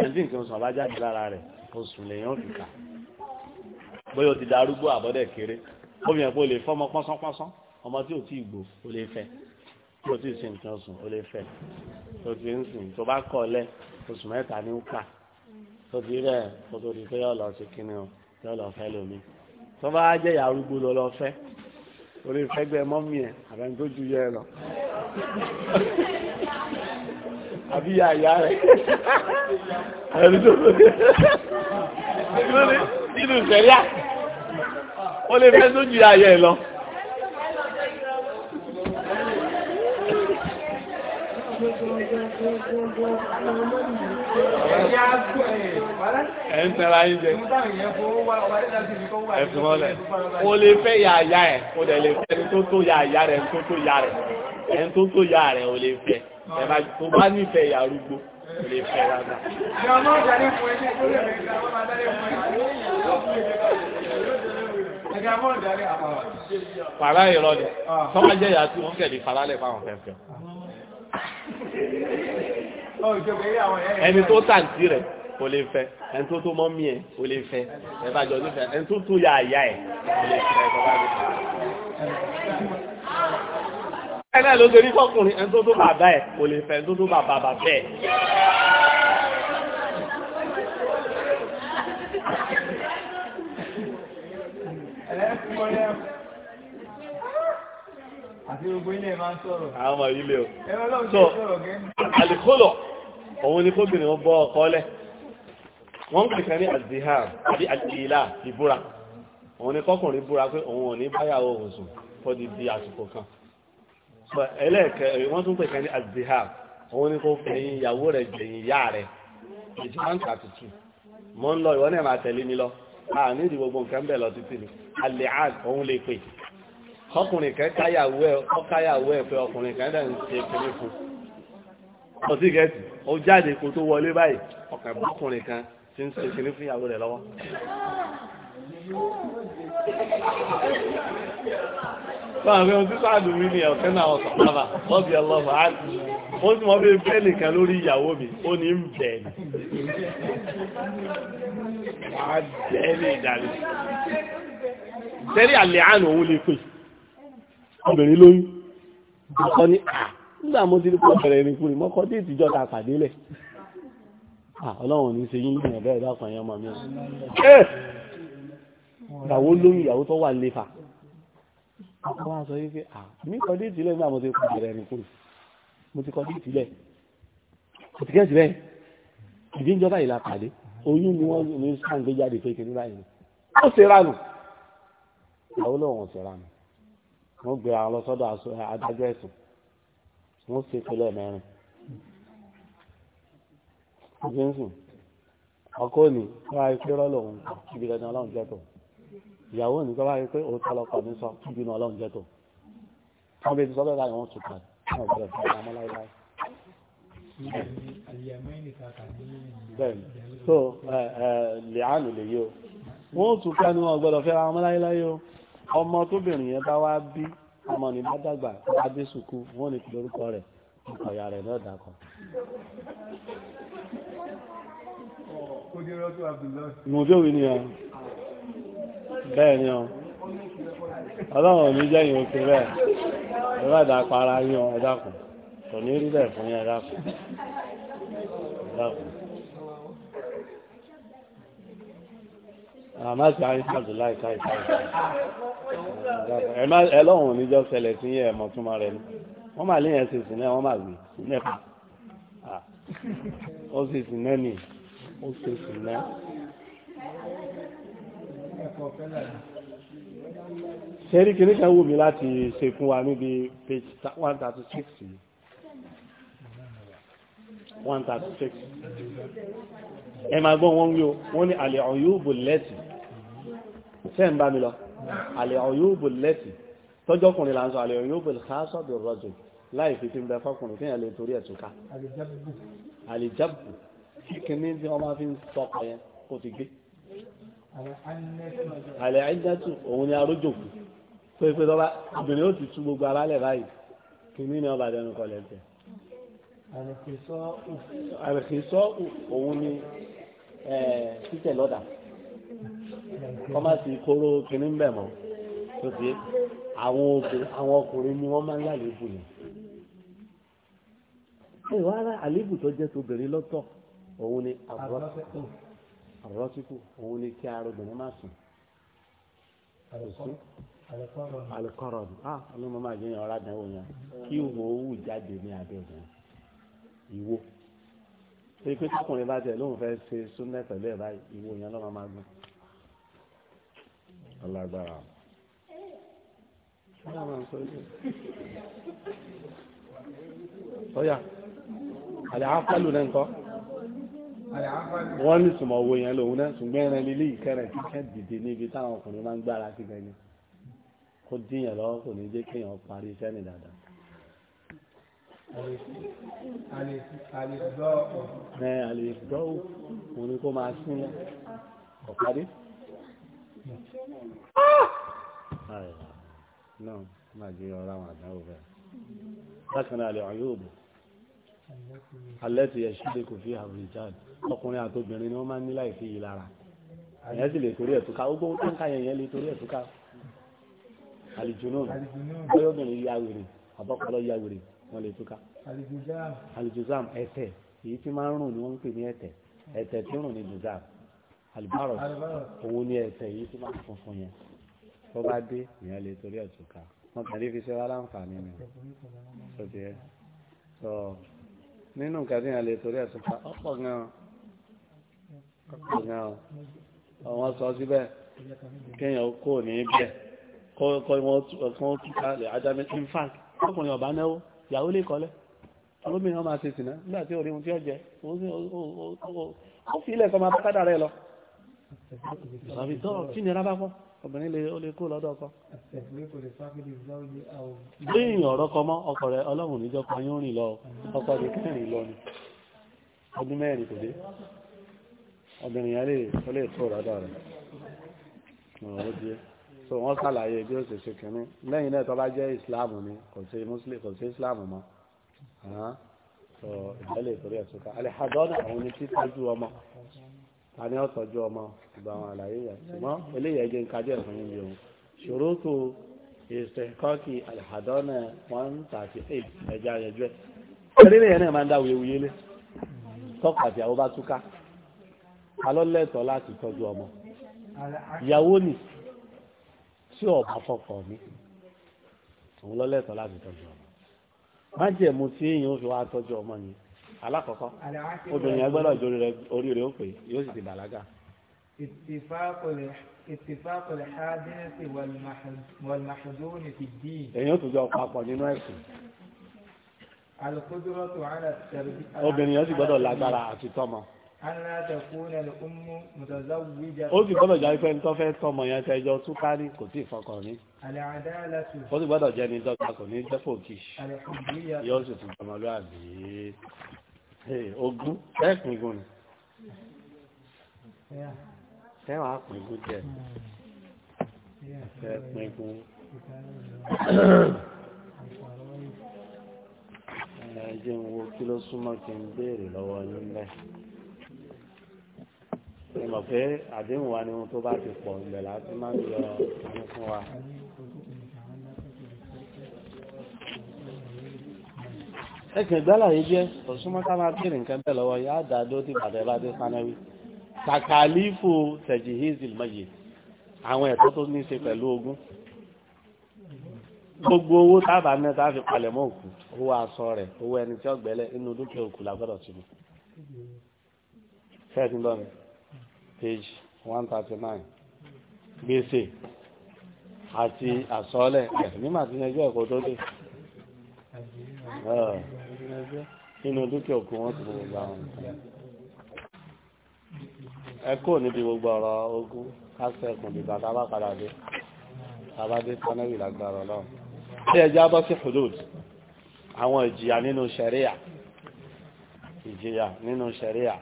rẹ̀ ní nǹkan oṣù bá jáde lára rẹ̀ oṣù lèyàn ò fi kà bóyá o ti darúgbó àbọ́dẹ̀ kéré obìnrin pé o lè fọ́ pọ́nsánpọ́nsán ọmọ tí ò tí ì o lè fẹ́ tí ò tí ì nǹkan oṣù o lè fẹ́ tó ti ń sìn tó bá kọ́ lẹ́ oṣù mẹ́ta ní wúkà tó fi rẹ̀ kó tó di pé yọ lọ sí kíni o yọ lọ fẹ́ lómi tó bá jẹ́ ìyá arúgbó lọ lọ fẹ́ orí fẹ́gbẹ́ mọ́mí ẹ̀ àbẹ̀ni tó ju yẹ ẹ lọ àbí ìyá ìyá rẹ̀ àbẹ̀ni tó lórí nínú ìfẹ́ yá ó lè fẹ́ tó ju ìyá yẹ lọ. ẹ̀ ń tẹ́ra yín jẹ ẹ̀sùn ọ̀lẹ̀ o lè fẹ́ ya o dẹ̀ lè fẹ́ ẹni tó tó ya àyá rẹ̀ ẹni tó tó ya rẹ̀ ẹni tó tó ya rẹ̀ o lè fẹ́ o lè ẹni tó tàǹtí rẹ̀ o lè fẹ́ ẹni tó tó mọ́ mí ẹ̀ o lè fẹ́ ẹ bá jọ nífẹ̀ẹ́ ẹni tó tó yà àyà ẹ̀ o lè fẹ́ ẹ bá jọ ẹni ẹ̀ ló ṣe ní fọ́kùnrin ẹni tó tó bàbá ẹ̀ o lè fẹ́ ẹni tó tó bàbá bàbá ẹ̀. Yeah àwọn ọmọ yìí lè o so alikolo òun ni kóbìnrin wọn bọ́ ọkọ lẹ̀ wọ́n kìí kan ní azihar àbí àtìlá ìbúra òun ni kọkùnrin búra pé òun ò ní báyàwó òun sùn fọ́dí di àsìkò kan ẹlẹ́ẹ̀kẹ́ wọ́n tún pè kan ní azihar òun ni kó fẹ̀yìn ìyàwó rẹ̀ gbẹ̀yìn ìyá rẹ̀ èyí máa ń kà tuntun mọ́ ń lọ ìwọ náà máa tẹ̀lé mi lọ àní ìdí gbogbo nǹkan ọkùnrin kan káyàwó ẹ̀ ọkáyàwó ọkùnrin kan dẹ̀ ń ṣe kiri fún ọ gẹ̀ẹ́sì ó jáde kó tó wọlé báyìí ọkàn ọkùnrin kan ti ń ṣe kiri fún ìyàwó rẹ̀ lọ́wọ́ tẹ́rí àlẹ́ àánú òun lè pè obìnrin lóyún ọkọ ní à ah, nígbà mo ti rí pọ̀ bẹ̀rẹ̀ ìrìn kúrì mọ́kọ́ tí ìtìjọ́ ta pàdé lẹ̀ ah, ọlọ́run ní ṣe yín ìrìn ẹ̀bẹ́ ìdákan ẹ̀yọ́ mọ̀ mìíràn eh! ìyàwó lóyún ìyàwó tó wà léfà ọkọ wa sọ wípé à ah, mí kọ́ dé ìtìlẹ̀ nígbà mo ti pọ̀ bẹ̀rẹ̀ ìrìn kúrì mo ti kọ́ dé ìtìlẹ̀ kò ti kẹ́sì bẹ́ẹ̀ ìdí ìjọba ìlà pàdé oyún ni wọ́n ní sáǹgbéjáde pé kiri báyìí ó ṣe ránù ìyàwó lọ́wọ́ ṣe wọ́n gbé àwọn lọ́sọ́dọ̀ adájọ́ ẹ̀sùn wọ́n sì pẹ̀lẹ́ mẹ́rin jíǹsì ọkọ òní kọ́ wáyé pé rọ́lọ̀ òun ibi dandan ọlọ́run jẹ́tọ̀ ìyàwó òní kọ́ wáyé pé òótọ́ lọ́kọ̀ ní sọ ibi nà ọlọ́run jẹ́tọ̀ wọ́n bẹ ti sọ́dọ̀ láyé wọ́n tún kà wọ́n bẹ̀rẹ̀ fún ọmọ láíláí. bẹ́ẹ̀ni so ẹ ẹ lè àánú lè yí o wọ́n tún ọmọ tóbìnrin yẹn bá wá bí ọmọ ní bá dàgbà tó bá dé sùkú wọn ní lórúkọ rẹ̀ nípa ìyá rẹ̀ náà dàkọ. mùsùlùmí wí ni ọ bẹ́ẹ̀ ni ọ ọlọ́run ní jẹ́yìn òkè bẹ́ẹ̀ ẹ bá dàpọ̀ ara yín ọ ẹ dàpọ̀ kò ní rí bẹ́ẹ̀ fún yín ẹ dàpọ̀ ẹ dàpọ̀. àyíká jùlá ìka ìka ìka ẹlọ́run ò ní jọ ṣẹlẹ̀ sí yẹ ẹ̀mọ̀ túnmọ̀ rẹ̀ ni wọ́n máa léyìn ẹsẹ̀ sí náà wọ́n máa gbé sí náà ó sì sí náà nì ó sì sí náà. sẹ́rí kìíní kan wù mí láti ṣe fún wa níbi page one thirty six yìí one thirty six ẹ máa gbọ́ wọn wí o wọ́n ní àlẹ́ ọ̀yọ́ bò lẹ́tì sẹ́ǹbà mi lọ àlẹ́ ọ̀yọ́bù lẹ́sì tọ́jọ́kùnrin là ń sọ àlẹ́ ọ̀yọ́bù káàsọ̀bì rọ́jò láì fi ti ń bẹ fọ́kùnrin kéèyàn lè torí ẹ̀ tó ká àlìjábù kíkíní tí wọ́n máa fi ń sọkọ̀ yẹn kó ti gbé àlẹ́ àìjátù òun ni arójòkù pé pé tọ́ba obìnrin ó ti tú gbogbo arálẹ̀ báyìí kíní ni ọba dẹnu kọlẹ̀ tẹ̀ àlẹ́kìsọ́ òun ni títẹ̀ lọ́dà kọ́ má sì kóró kínní ń bẹ̀ mọ́ tó ti àwọn ọkùnrin ni wọ́n máa ń lálébù ni. ẹ wá rà àlébù tó jẹ́ tóbìnrin lọ́tọ̀ òun ni àrọ́tíkù òun ni kí arobìnrin má sùn. alikọrọ ni ah ọlọ́mọ máa jẹ́ ọ̀rá dánwò yẹn kí òun owó jáde ní abẹ́ òun ìwo pé pé tọkùnrin bá tẹ̀ lóun fẹ́ ṣe súnmẹ́ pẹ̀lú ẹ̀ báyìí ìwo yẹn lọ́mọ máa gbọ́n alágbára ọ̀yà àlàáfàlù náà nǹkan wọ́n ní sùnmọ̀ owó yẹn lòun náà ṣùgbọ́n ẹran lílé ìkẹrẹ kíkẹ́ dìde níbi táwọn ọkùnrin máa ń gbára sí gẹ́gẹ́ kó díyàn lọ́wọ́ kò ní jẹ́ kéèyàn parí iṣẹ́ ní dáadáa àlè ìdọ́ọ̀ òun ni kó máa sún lọ ọ̀parí náà máa jẹ́ ọ̀rá kò fi àwọn ìjáde ọkùnrin àtobìnrin ni wọ́n máa ń ní láì yìí lára àyẹ́ sì lè torí ẹ̀tùká ó gbóhùn tó ń káyẹ̀ yẹn lè torí ẹ̀tùká alìjùnúùn bóyá alibaro owó ní ẹsẹ̀ yìí tó bá funfun yẹn tó bá dé ìyẹn lè torí ẹ̀tún ká wọn kàn lè fi ṣe wá láǹfààní ni sọ ti ẹ sọ nínú nǹkan tí ìyẹn lè torí ẹ̀tún ká ọ̀pọ̀ gan ọ̀pọ̀ gan àwọn sọ síbẹ̀ kéèyàn kò ní bẹ̀ kọ́ wọn kọ́ kíkà lè ajá mi in fact ọkùnrin ọ̀bá náwó ìyàwó lè kọ́lẹ̀ olómìnira máa ṣe sìnà nígbà tí orí ohun tí ó jẹ ó fi ilẹ̀ sọ máa bá kádà rẹ lọ àbí tọ́ tí nira bá kọ́ obìnrin lè ó lè kó lọ́dọ̀ ọkọ. léyìn ọ̀rọ̀ kọ mọ́ ọkọ rẹ ọlọ́run níjọ́ kan yóò rìn lọ ọkọ rẹ kẹrin lọ ni ọdún mẹ́rin kò dé obìnrin yẹn lè ó lè kó lọ́dọ̀ rẹ ọ̀rọ̀ ó di ẹ́ so wọ́n ṣàlàyé bí ó ṣe ṣe kìíní lẹ́yìn náà tó bá jẹ́ ìsìláàmù ni kò sí mùsùlùmí ìsìláàmù mọ́ so ìdálé ìtòrí ẹ̀ṣọ́ká alẹ́ àdọ́nà àwọn oní ọmọ ta ni ọ̀tọ̀jú ọmọ ìgbà àwọn àlàyé yẹn ṣùgbọ́n eléyìí ẹgbẹ́ nǹkan díẹ̀ fún yín yòó ṣòro tó ìṣèkọ́kì àlàdọ́nà one thirty eight ẹja ẹjọ́ ẹ̀ eré yẹn náà máa ń dá wuyewuye lé tọ́kọ̀ àti àwọn bá túká alọ́lẹ́tọ̀ láti tọ́jú ọmọ ìyàwó nì tí ọba fọkàn mi òun lọ́lẹ́tọ̀ láti tọ́jú ọmọ májẹ̀mú tí èèyàn fi wá tọ́jú ọmọ yìí alákọ̀ọ́kọ́ obìnrin ẹgbẹ́rọ̀ ìjọ orí rẹ̀ ó pè yóò sì ti bàlágà. ìtìfákọ̀lẹ̀ hádínẹ́sì wàlmàṣẹ́dúnì ti dì. èyàn tó jọ papọ̀ nínú ẹ̀sìn. alùpùpùrọ̀tò ara tẹ̀lé. obìnrin yẹn sì gbọ́dọ̀ lágbára àti tọ́mọ. ó sì gbọ́dọ̀ jẹ́ pé nítorí fẹ́ tọ́mọ yẹn tẹ́jọ́ túkárí kò tí ì fọkàn ní. ó sì gbọ́dọ̀ jẹ́ ní dọ́gba kò ní jẹ́ fòkì. yóò sì tún jọmọlúwàbí. Eh, ogún ẹ̀ẹ́pìngún ni ẹ̀wọ̀n àpìngún hmm. eh, jẹ́ ẹ̀ẹ́pìngún ẹ̀ẹ́jẹ́ ń wo kí ló súnmọ́ kí n béèrè lọ́wọ́ nílẹ̀ ìmọ̀ pé àdéhùn wa ni wọn tó bá ti pọ̀ ńlẹ̀ láti máa ń yọ ọmọ fún wa. ẹkùn ìgbàláyé jẹ́ ọ̀súnmọ́ká máa bèèrè nǹkan bẹ́ẹ̀ lọ́wọ́ yá dáadó tí bàdẹ̀ bá dé sánáwí takalifu tẹ̀jìhìzìl mọ́yì àwọn ẹ̀tọ́ tó ní ṣe pẹ̀lú ogún gbogbo owó tábà náà tá fi palẹ̀ mọ́ òkú owó aṣọ rẹ̀ owó ẹni tí ó gbẹ́lẹ̀ inú dúkìá òkú lágbọ́dọ̀ tì mí gbèsè àti àsọ́ọ́lẹ̀ ẹ̀mí màtí ẹjọ́ ẹ̀kọ́ tó dé nínú dúkìá òkú wọn ti gbogbo àwọn nǹkan ẹ kò níbi gbogbo ọ̀rọ̀ ogun kásẹ̀ ẹkùn dìgbà tá a bá padà dé tá a bá dé sanẹ́wì lágbára ọlọ́run tí ẹ jábọ́ sí hudud àwọn ìjìyà nínú ṣẹ̀ríà ìjìyà nínú ṣẹ̀ríà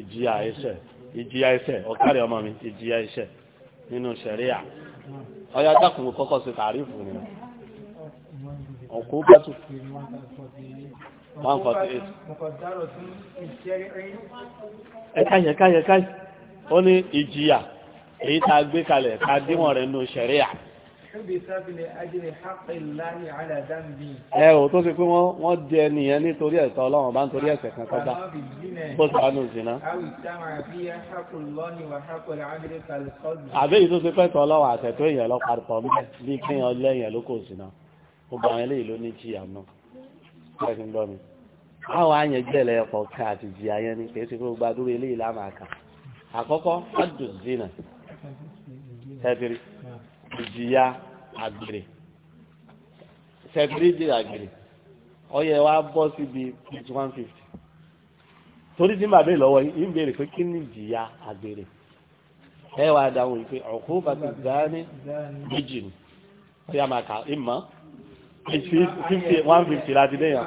ìjìyà ọmọ mi ìjìyà ẹ̀ṣẹ̀ nínú ṣẹ̀ríà ọyá dákùnkùn kọ́kọ́ sí tàrífù nínú ọ̀kú bátù 148 ẹ̀káyẹ̀ káyẹ̀ káyẹ̀ ó ní ìjìyà èyí tá gbé kalẹ̀ ká díwọ̀n rẹ̀ nù ṣẹ̀ríà ẹ ò tó fi pé wọ́n di ẹnìyàn nítorí ẹ̀tọ́ ọlọ́run bá ń torí ẹ̀ṣẹ̀ kan kọjá bó sàánù ìsìná àbẹ́yìí tó fi pẹ́tọ̀ ọlọ́run àtẹ̀tọ́ èèyàn lọ́pàá gbogbo àwọn eléyìí ló ní jìyà náà lẹ́sìn gbọ́ mi àwọn àyàn gbẹ̀lẹ̀ ọ̀pọ̀ ká àti jìyà yẹn ni kìí ṣe fún gbogbo adúrú eléyìí láàmà kà àkọ́kọ́ ọdún zina sẹ́tìrì jìyà àgbèrè sẹ́tìrì jìyà àgbèrè ọyẹ wa bọ́ síbi twenty one fifty torí tí màá bẹ́ẹ̀ lọ́wọ́ yìí ń béèrè pé kí ni jìyà àgbèrè ẹ wàá dáhùn yìí pé ọ̀kú máa kà ìmọ̀ one fifty láti dé yàn.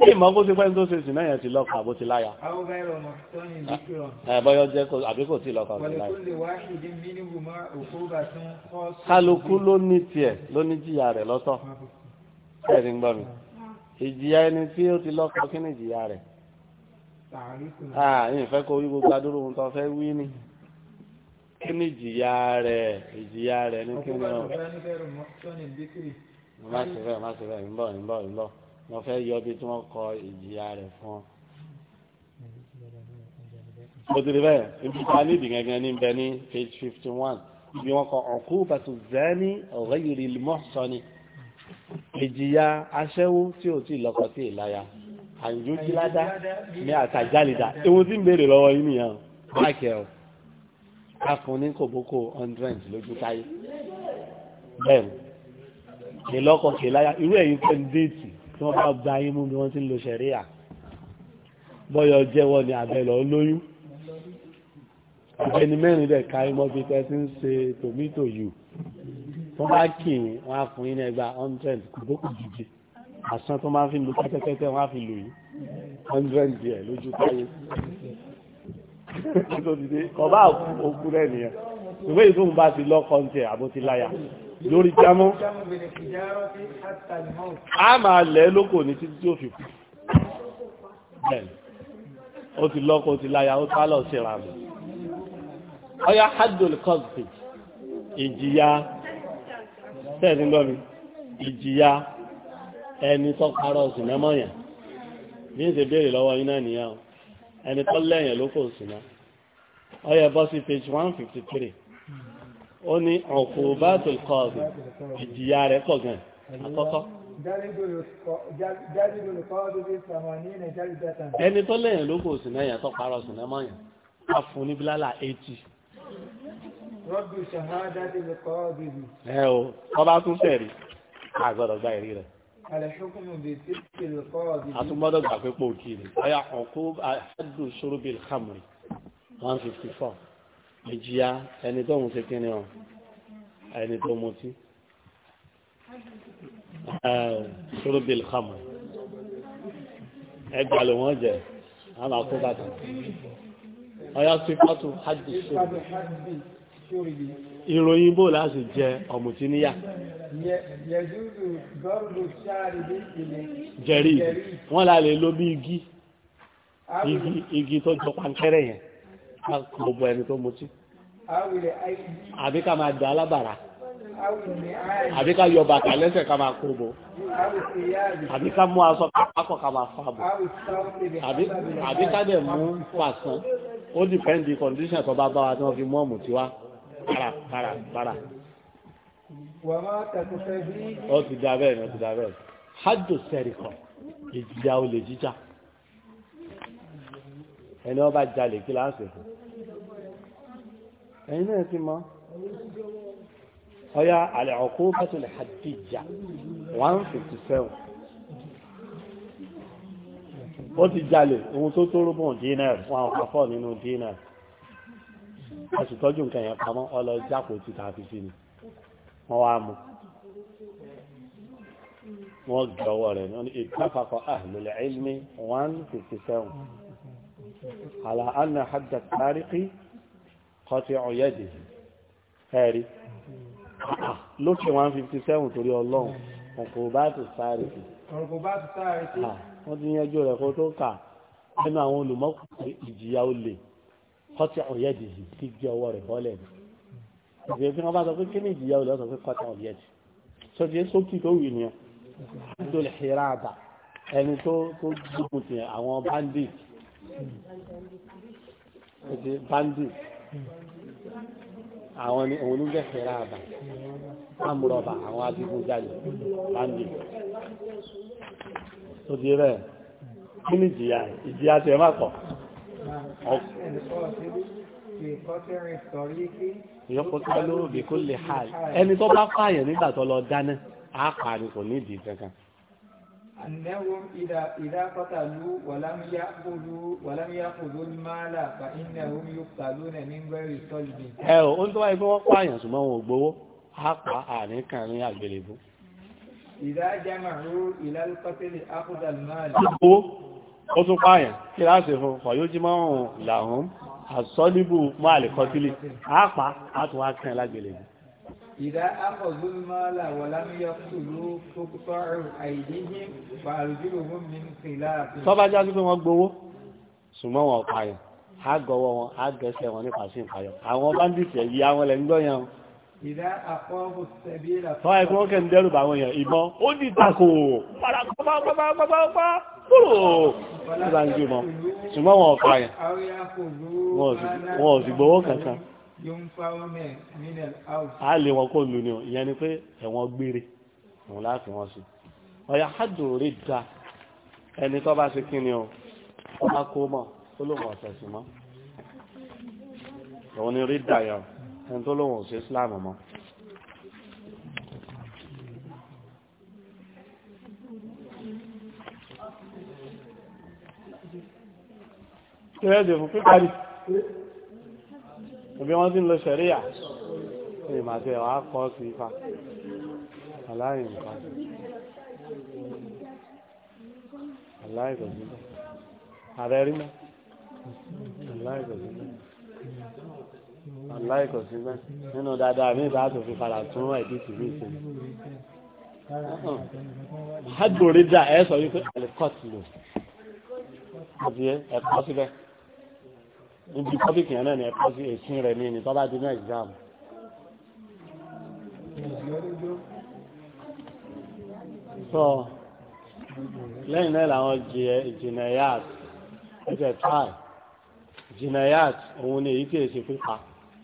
ní ìmọ̀ kó ti pẹ́ tó ṣe sì náà yẹn ti lọ́kọ̀ àbó ti láyà. ẹ̀bọ́yọ́ jẹ́ kó àbí kò tí lọ́kọ̀ àbó ti láyà. kálukú ló ní tiẹ̀ ló ní jìyà rẹ̀ lọ́tọ̀ bẹ́ẹ̀ ni ń gbọ́ mi. ìjìyà ẹni tí ó ti lọ́kọ̀ kí ni ìjìyà rẹ̀. ààyè ìfẹ́ kó orí gbogbo adúrú ohun tó fẹ́ wí ni kí ni ìjìyà rẹ̀ ìjìyà rẹ̀ ní kí ni ọ má ṣe bẹ́ẹ̀ má ṣe bẹ́ẹ̀ ń bọ̀ ń bọ̀ ń bọ̀ mo fẹ́ yọ bí tí wọ́n kọ ìjìyà rẹ̀ fún ọ. mo ti rí bẹ́ẹ̀ ibi tí a ní ìdí gẹ́gẹ́ ní bẹ ní page fifty one ibi wọn kọ ọ̀kú pàtó zẹ́ni ọ̀rẹ́ yìí rí mọ́ sọ́ni ìjìyà aṣẹ́wó tí ò tí ì lọ́kọ sí ìláya àyójúládá ní àtàjálìdá ewu tí ń béèrè lọ́wọ́ yìí nìyẹn michael akùn ní kòbókò hundred lójú bẹ́ẹ̀ ṣe lọ́kọ̀ ṣe láyà irú ẹ̀yin pẹ̀lú déètì tí wọ́n bá gba yín mú bí wọ́n ti ń lo ṣẹ̀ríà bọ́yọ̀ jẹ́wọ́ ni àbẹ̀lọ̀ olóyún ìfẹ́ni mẹ́rin dẹ̀ kárí mọ́ bí tẹ́ ti ń ṣe tòmítò yìí tó bá kì í wọ́n á fún yín ní ẹgbàá hundred kùdókù jìjì àsan tó máa fi lu kẹ́tẹ́kẹ́tẹ́ wọ́n á fi lò yìí hundred díẹ̀ lójú táyé kọ̀ọ̀bá òkú rẹ̀ nìyẹn ìwé ìdóhùn bá ti lọ́kọ̀ọ́ ń tẹ̀ àbótiláyà lórí jámọ́ a máa lẹ́ lókò ní títí tí ó fi kú bẹ́ẹ̀ ó ti lọ́kọ ti láya ó tá lọ síra mọ́ ọya hadul cosby ìjìyà tẹ́ẹ̀ni lọ́mi ìjìyà ẹni tó parọ́ sinimọ́ yẹn ní ìṣe béèrè lọ́wọ́ iná nìyà ẹni tó lẹ́yìn lókò sinimọ́ ọya bọ́ sí page one fifty three ó ní ọ̀kọ̀ bá tó kọ́ ọ̀gbìn ìjìyà rẹ̀ pọ̀ gan àkọ́kọ́. ẹni tó lẹ́yìn ló kò sí náà yẹn tó parọ́ sí náà mọ́ yẹn a fún ní bílálà eighty. rọ́bì ṣàhádà ti lè kọ́ ọ̀gbìn. ẹ o ọba tún fẹ̀rí àgbọ̀dọ̀ gba ìrí rẹ̀. àtúmọ̀dọ̀ pé pò kiri ọ̀yà ọ̀kọ̀ àdùn ṣòro bíi one fifty four ìjìyà ẹni tó mú sí kíni ọ̀ ẹni tó mú sí ṣúrúbìl khamr ẹgbà ló wọ́n jẹ àwọn àkóbàtà ọya sípọ́tù hajji ìròyìn bó láti jẹ ọ̀mùtí níyà jẹ̀rí wọ́n lálẹ́ ló bí igi igi tó jọ pankẹ́rẹ̀ yẹn gbogbo ẹni tó mutí àbí ká máa dà alábàrá àbí ká yọ bàtà lẹ́sẹ̀ ká máa kúrò bò àbí ká mú aṣọ pápákọ̀ ká máa fa bò àbí ká dẹ̀ mú fàṣán ó dìpẹ́ndì kọ̀ndíṣàn tó bá bá wa tí wọ́n fi mú ọ̀mù tiwa párapàrapàra. ó ti dà bẹ́ẹ̀ ni ó ti dà bẹ́ẹ̀ ẹni wọ́n jalè kí láǹsì fún ẹ̀yin náà ti mọ́ ọya àlẹ́ọ̀kú bẹ́tùlẹ̀ hadija 157 ó ti jalè ohun tó tó rúbùn dínà wọn àwọn afọ́ nínú dínà a sì tọ́jú nǹkan yẹn pamọ́ ọlọ jápò ti tàbí sí ni wọ́n wá mú wọ́n gbé rẹ̀ ní ìtàfàkọ́ ahlul ilmi 157 ala anna hadda tariqi kọ́tí ọ̀yẹ́dì ẹ̀rí ah, lókè 157 torí ọlọ́run ọkọ̀ bá ti sáré sí ah, wọ́n ti yẹjọ́ rẹ̀ kó tó kà nínú àwọn olùmọ́kùnrin ìjìyà olè kọ́tí ọ̀yẹ́dì ti gbé ọwọ́ rẹ̀ bọ́lẹ̀ ni ìgbẹ́ bí wọ́n bá sọ pé kí ni ìjìyà olè ọ̀sán pé kọ́tí ọ̀yẹ́dì sọ ti sókè tó wì ni ẹni tó gbógun ti àwọn bandit àwọn ni òun ló jẹ́fẹ̀ẹ́ ra àbà amúrọ̀bà àwọn adigunjalè bandi tó di rẹ̀ kí ni ìjìyà ìjìyà tẹ má pọ̀ ìyọ́pọ̀tọ́ ló bí kó lè ha ẹni tó bá pààyàn nígbà lọ dáná á kò ní ìdí kankan أنهم إذا إذا قتلوا ولم يأخذوا ولم يأخذوا المال فإنهم يقتلون من غير صلب. ẹ ò ń tó wáyé pé wọ́n pààyàn ṣùgbọ́n wọn ò gbowó á pa àárín kan ní àgbélébú. إذا جمعوا إلى القتل أخذ المال. àgbo ó tún pààyàn kí láti fún fọyójímọ́ làwọn àsọ́líbù máàlì kọtílì á pa á tún wá kan lágbélébú. إذا أخذوا المال ولم يقتلوا تقطع أيديهم فأرجلهم من خلاف tọ́ba jáde pé wọ́n gbowó ṣùgbọ́n wọn pààyàn á gọwọ́ wọn á gẹ̀ẹ́sẹ̀ wọn nípa sí ìpààyàn àwọn bandits ẹ̀yí àwọn lẹ̀ ń gbọ́ yẹn Ìdá àkọ́bù tẹ̀bí rà. Tọ́ ẹgbẹ́ wọ́n kẹ́ ń dẹ́rù bàwọn èèyàn ìbọn, ó ní ìtàkò, padà kọ́bá kọ́bá kọ́bá kọ́bá kúrò. Ṣé bá ń gbé mọ́? Ṣùgbọ́n wọn ọ̀pá yẹn. Wọ́n ò sì gbowó kankan a lè wọn kó lu ni o ìyẹn ni pé ẹ̀wọ̀n gbére òun láti wọn sí ọ̀yà hajj rí da ẹni tó bá ṣe kí ni o ọba kó mọ̀ tó lóun ọ̀sẹ̀ sí mọ́ òun ni rí da yọ ẹni tó lóun ọ̀sẹ̀ Islam mọ́. Kí ló dé fún pípa rí? òbí wọ́n ti ń lo ṣẹ̀ríyà ní ìmàtí ẹ̀wà pọ̀ sí ipa aláìyìn nǹkan aláìgbẹ̀sílẹ̀ ààrẹ rí mọ́ aláìgbẹ̀sílẹ̀ aláìgbẹ̀sílẹ̀ nínú dáadáa ní ìbáàtò fi padà tún ẹ̀dí tìrí ìsinmi hajjò rí dà sọ wípé alikọ́tìlò àbí ẹ̀kọ́ síbẹ̀ níbi public yẹn náà ni ẹ̀kọ́ sí èsìn rẹ̀ ní ní tọ́bá dínú exam so lẹ́yìn náà làwọn jìnàyàt ẹ̀jẹ̀ try jìnàyàt òun ni èyí tí èsì pípa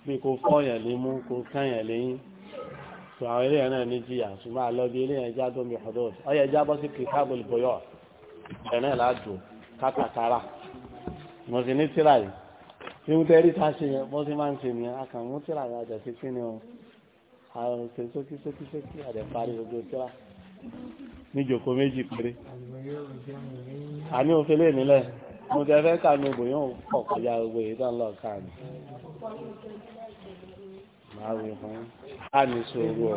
bí kò fọ́yàn lé mú kò káyàn léyìn so àwọn eléyàn náà ní jìyà ṣùgbọ́n àlọ́ bí eléyàn já gómìn ọ̀dọ́ ọ̀yẹ̀ mo sì ní tíra yìí irun tẹ́rí ta ṣe yẹn bọ́ sí máa ń ṣe nìyẹn akàmú tíra àwọn àjọ sí kí ni o àrùn ṣe sókí sókí sókí àdẹ parí gbogbo tíra níjòkó méjì péré àní òfin lè nílẹ̀ mo tẹ fẹ́ kà ní ògbò yóò pọ̀ kọjá gbogbo èyí tó ń lọ ká ni máa wí fún ká ní sòwò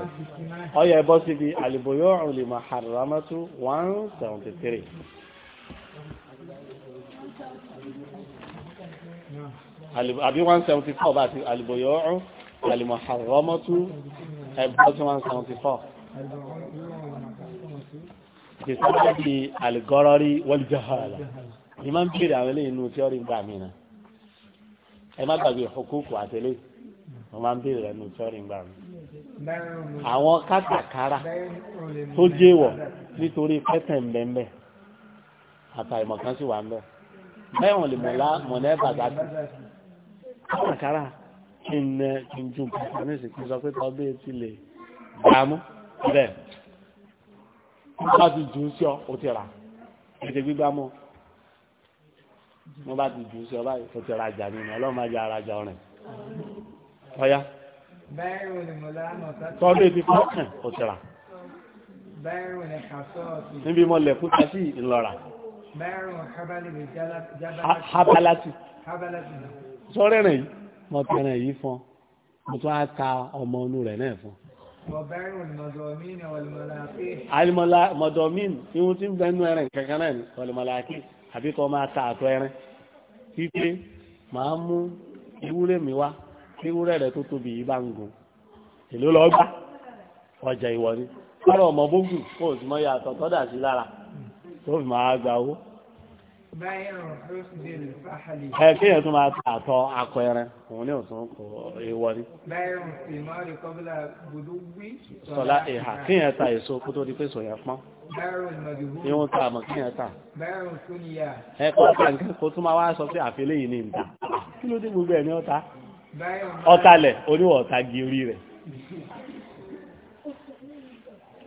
ọ yẹ bọ́ síbi àlìbòyọ̀ ọ̀rùn lè máa hàrùn rámọ́tú one seventy three. àbí 174، seventy four bá ti àlùbọ̀yọ̀ ọ̀rún àlùmọ̀ àrọ́mọ́tú ẹ̀bọ́ tí one seventy four. ìsọ́jà di àlùgọ́rọ́rí wọ́lùjọ́hàlà ni máa ń bèèrè àwọn eléyìí inú tí ó rí gbà mí na ẹ má gbàgbé hukuku àtẹlé wọ́n máa ń bèèrè rẹ̀ tí ó rí gbà mí. àwọn kátàkárà tó jẹ́wọ̀ nítorí pẹ́tẹ̀ ń bẹ́ẹ̀ sì wà ń bẹ́ẹ̀ bẹ́ẹ̀ lè mọ̀ lẹ́bàá àkàrà kí n eh, kí n ju bàtà ní ìsìnkú sọ pé tọ́ bẹ́ẹ̀ ti lè dààmú bẹ́ẹ̀ wọ́n bá ti jù ú sí ọ ó ti rà ètè gbígbá mọ́ wọ́n bá ti jù ú sí ọ báyìí ó ti ra àjà nínú ọlọ́run máa jẹ arajà ọ̀rìn ọ̀yá tọ́lé ti fọ́ ẹ̀ ó ti rà níbi mọ́ lẹ̀kún tàbí ìlọ́ra habalati sọ́rẹ́ rẹ̀ yìí mo tẹ̀rẹ̀ yìí fún mo tún á ta ọmọ inú rẹ̀ náà fún. alimọdọmin ihun tí ń bẹ nú ẹrẹ̀ kankan náà ni ọlọmọlàkì àbí kọ́ máa ta àtọ ẹrẹ̀ wípé màá mú ewúrẹ́ mi wá ewúrẹ́ rẹ̀ tó tóbi yìí bá ń gùn èló lọ gbà ọjà ìwọ ni kárọ̀ ọmọ bógùn kó sì mọ yàtọ̀ tọ́dà sí lára tó fi máa gba owó ẹ̀kẹ́yẹ̀ tó máa tààtọ̀ akọ ẹran òun ní ọ̀tún ìwọ ni sọlá ìhà kíyẹ̀ ta èso kó tó di pé sọ̀yà pọ́n ìwọ̀n tó àmọ̀ kíyẹ̀ ta ẹ̀kọ́ kàǹkẹ́ kó tó máa wá sọ pé àfilẹ́ yìí ní ìta kí ló dé gbogbo ẹ̀ ní ọ̀tá ọ̀tálẹ̀ oníwọ̀ ọ̀tá gírí rẹ̀ [LAUGHS]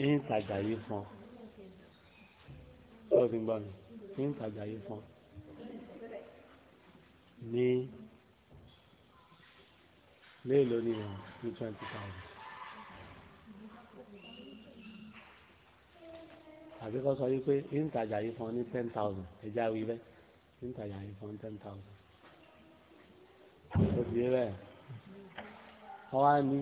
ń tajà yìí fún ọ ti gbọ́ mi ń tajà yìí fún ọ ní léèló ní ìwọ̀n ní twenty thousand. àbí kọ́ sọ wípé ń tajà yìí fún ọ ní ten thousand ẹ̀já wí ń tajà yìí fún ten thousand. ó ti yé ọ wá ní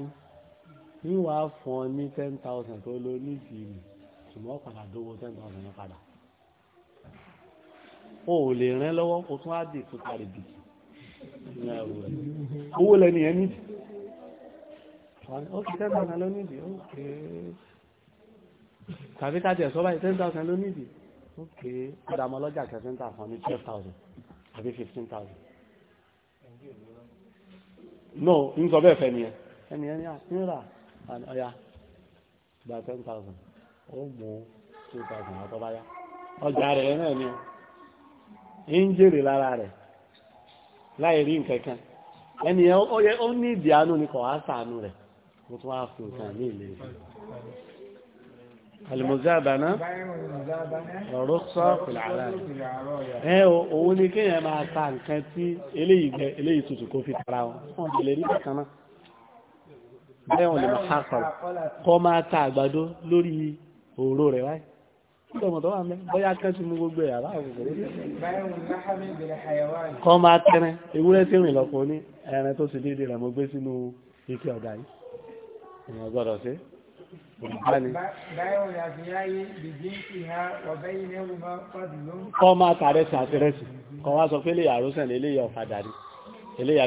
wíwá fún ọ ní ten thousand tó ló ní ìdìrì ṣùgbọ́n padà dówó ten thousand yẹn padà o ò lè rìn lọ́wọ́ o tún á dì fún kárí bìtì owó lẹ́nu yẹn nídìí ókè ten thousand ló nídìí ókè tàbí kájẹ sọ báyìí ten thousand ló nídìí ókè padà mọ lọ́jà kẹsẹ́ńtà fún ọ ní twelve thousand àbí fifteen thousand no n sọ bẹ́ẹ̀ fẹ́ ni ẹ ẹni ẹni àti ń rà àni ọ̀yà gba ten thousand ó two thousand àtọ́ ya yá ọjà rẹ̀ náà ni ń jèrè lára rẹ̀ láì rí nǹkankan ẹni ẹ ó ní ìdí àánú ni á sàánú wá nǹkan ní ẹ òun ni kéèyàn máa ta nǹkan tí eléyìí tutù kó fi tara wọn lè rí kankan náà bẹ́ẹ̀wọ̀n lè máa hàkọ̀rọ̀ kọ́ máa ta àgbàdo lórí òró rẹ̀ wáyé ìdọ̀mọ̀ tó wà mẹ́ bọ́yá kẹ́sì mú gbogbo ẹ̀yà kọ́ máa tẹ́rẹ ewúrẹ́ tí rìn lọ́pọ̀ ní ẹ̀rẹ tó sì dédé rẹ̀ mo gbé sínú ike ọ̀gá yìí èèyàn gbọ́dọ̀ sí kọ́ máa tàrẹsì àti rẹsì kọ́ wá sọ pé lè yàrá sẹ́ni eléyà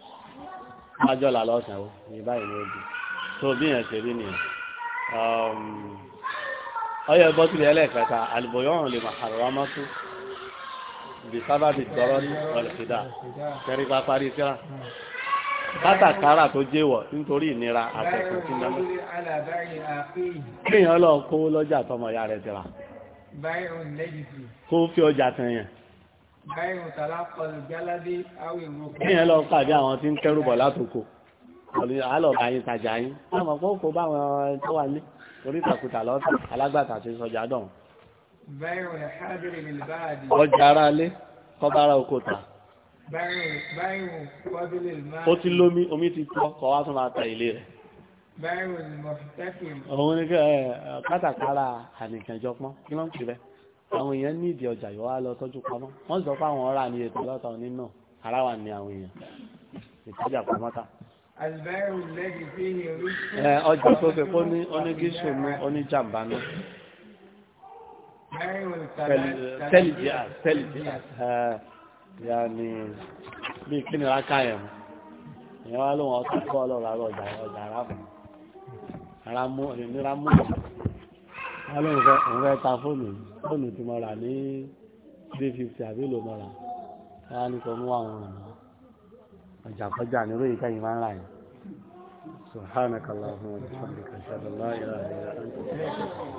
májọ́ là lọ́sàn-án ní báyìí ní ojú tó bí yẹn ṣe rí nìyẹn um, ọyọ ẹgbọ́n sílẹ̀ ẹlẹ́ẹ̀kẹta àlùbọ̀yọ́rùn lè máa hàrọ̀ ọmọ tó bí sábàbí tọrọ ní ọ̀lẹ́fìdá kẹrí pa parí síra kátàkárà tó jẹ́wọ̀ nítorí ìnira àtẹ̀kùn sí mẹ́mọ́ kéèyàn lọ kó lọ́jà tọmọ ìyá rẹ̀ síra kó fi ọjà tẹ̀yàn Kíyàn lọ pàdé àwọn tí ń kẹrù bọ̀ látòkò. Àlọ̀bà yìí tàjà yìí. Àmọ̀ pọ́ kò bá àwọn tó wà ní orítàkùtà lọ́tà alágbàtà tí sọjà dàn. Ọjà ara lé, kọbára oko tà. Ó ti lómi, omi ti tọ́, kọ wá tún máa ta ilé rẹ̀. Òun ni kátàkárà ànìkànjọpọ́n, kí ló ń pè bẹ́ẹ̀? àwọn èèyàn ní ìdí ọjà yọ wá lọ tọ́jú pamọ́ wọ́n sọ pé àwọn ọ̀rá ni ètò lọ́ta òní náà ara wà ní àwọn èèyàn ìtọ́jà pamọ́ta. ọjà tó fi kó ní onígíṣù mú oníjàmbá náà tẹ́lìdíà tẹ́lìdíà ya ni bí kí ni ráká yẹn mu èèyàn wá lóun ọtún kọ́ ọlọ́run àrò ọjà ọjà aráàbò ara mú ènìyàn mú ọlọ́run fẹ́ ta fóònù yìí fóònù tí mo rà ní three fifty àbí èlò mo rà káyà ní kò mú àwọn ọ̀nà ọjà ní orí ìka yìí máa ń rà yìí. سبحانك اللهم وبحمدك اشهد ان لا اله الا انت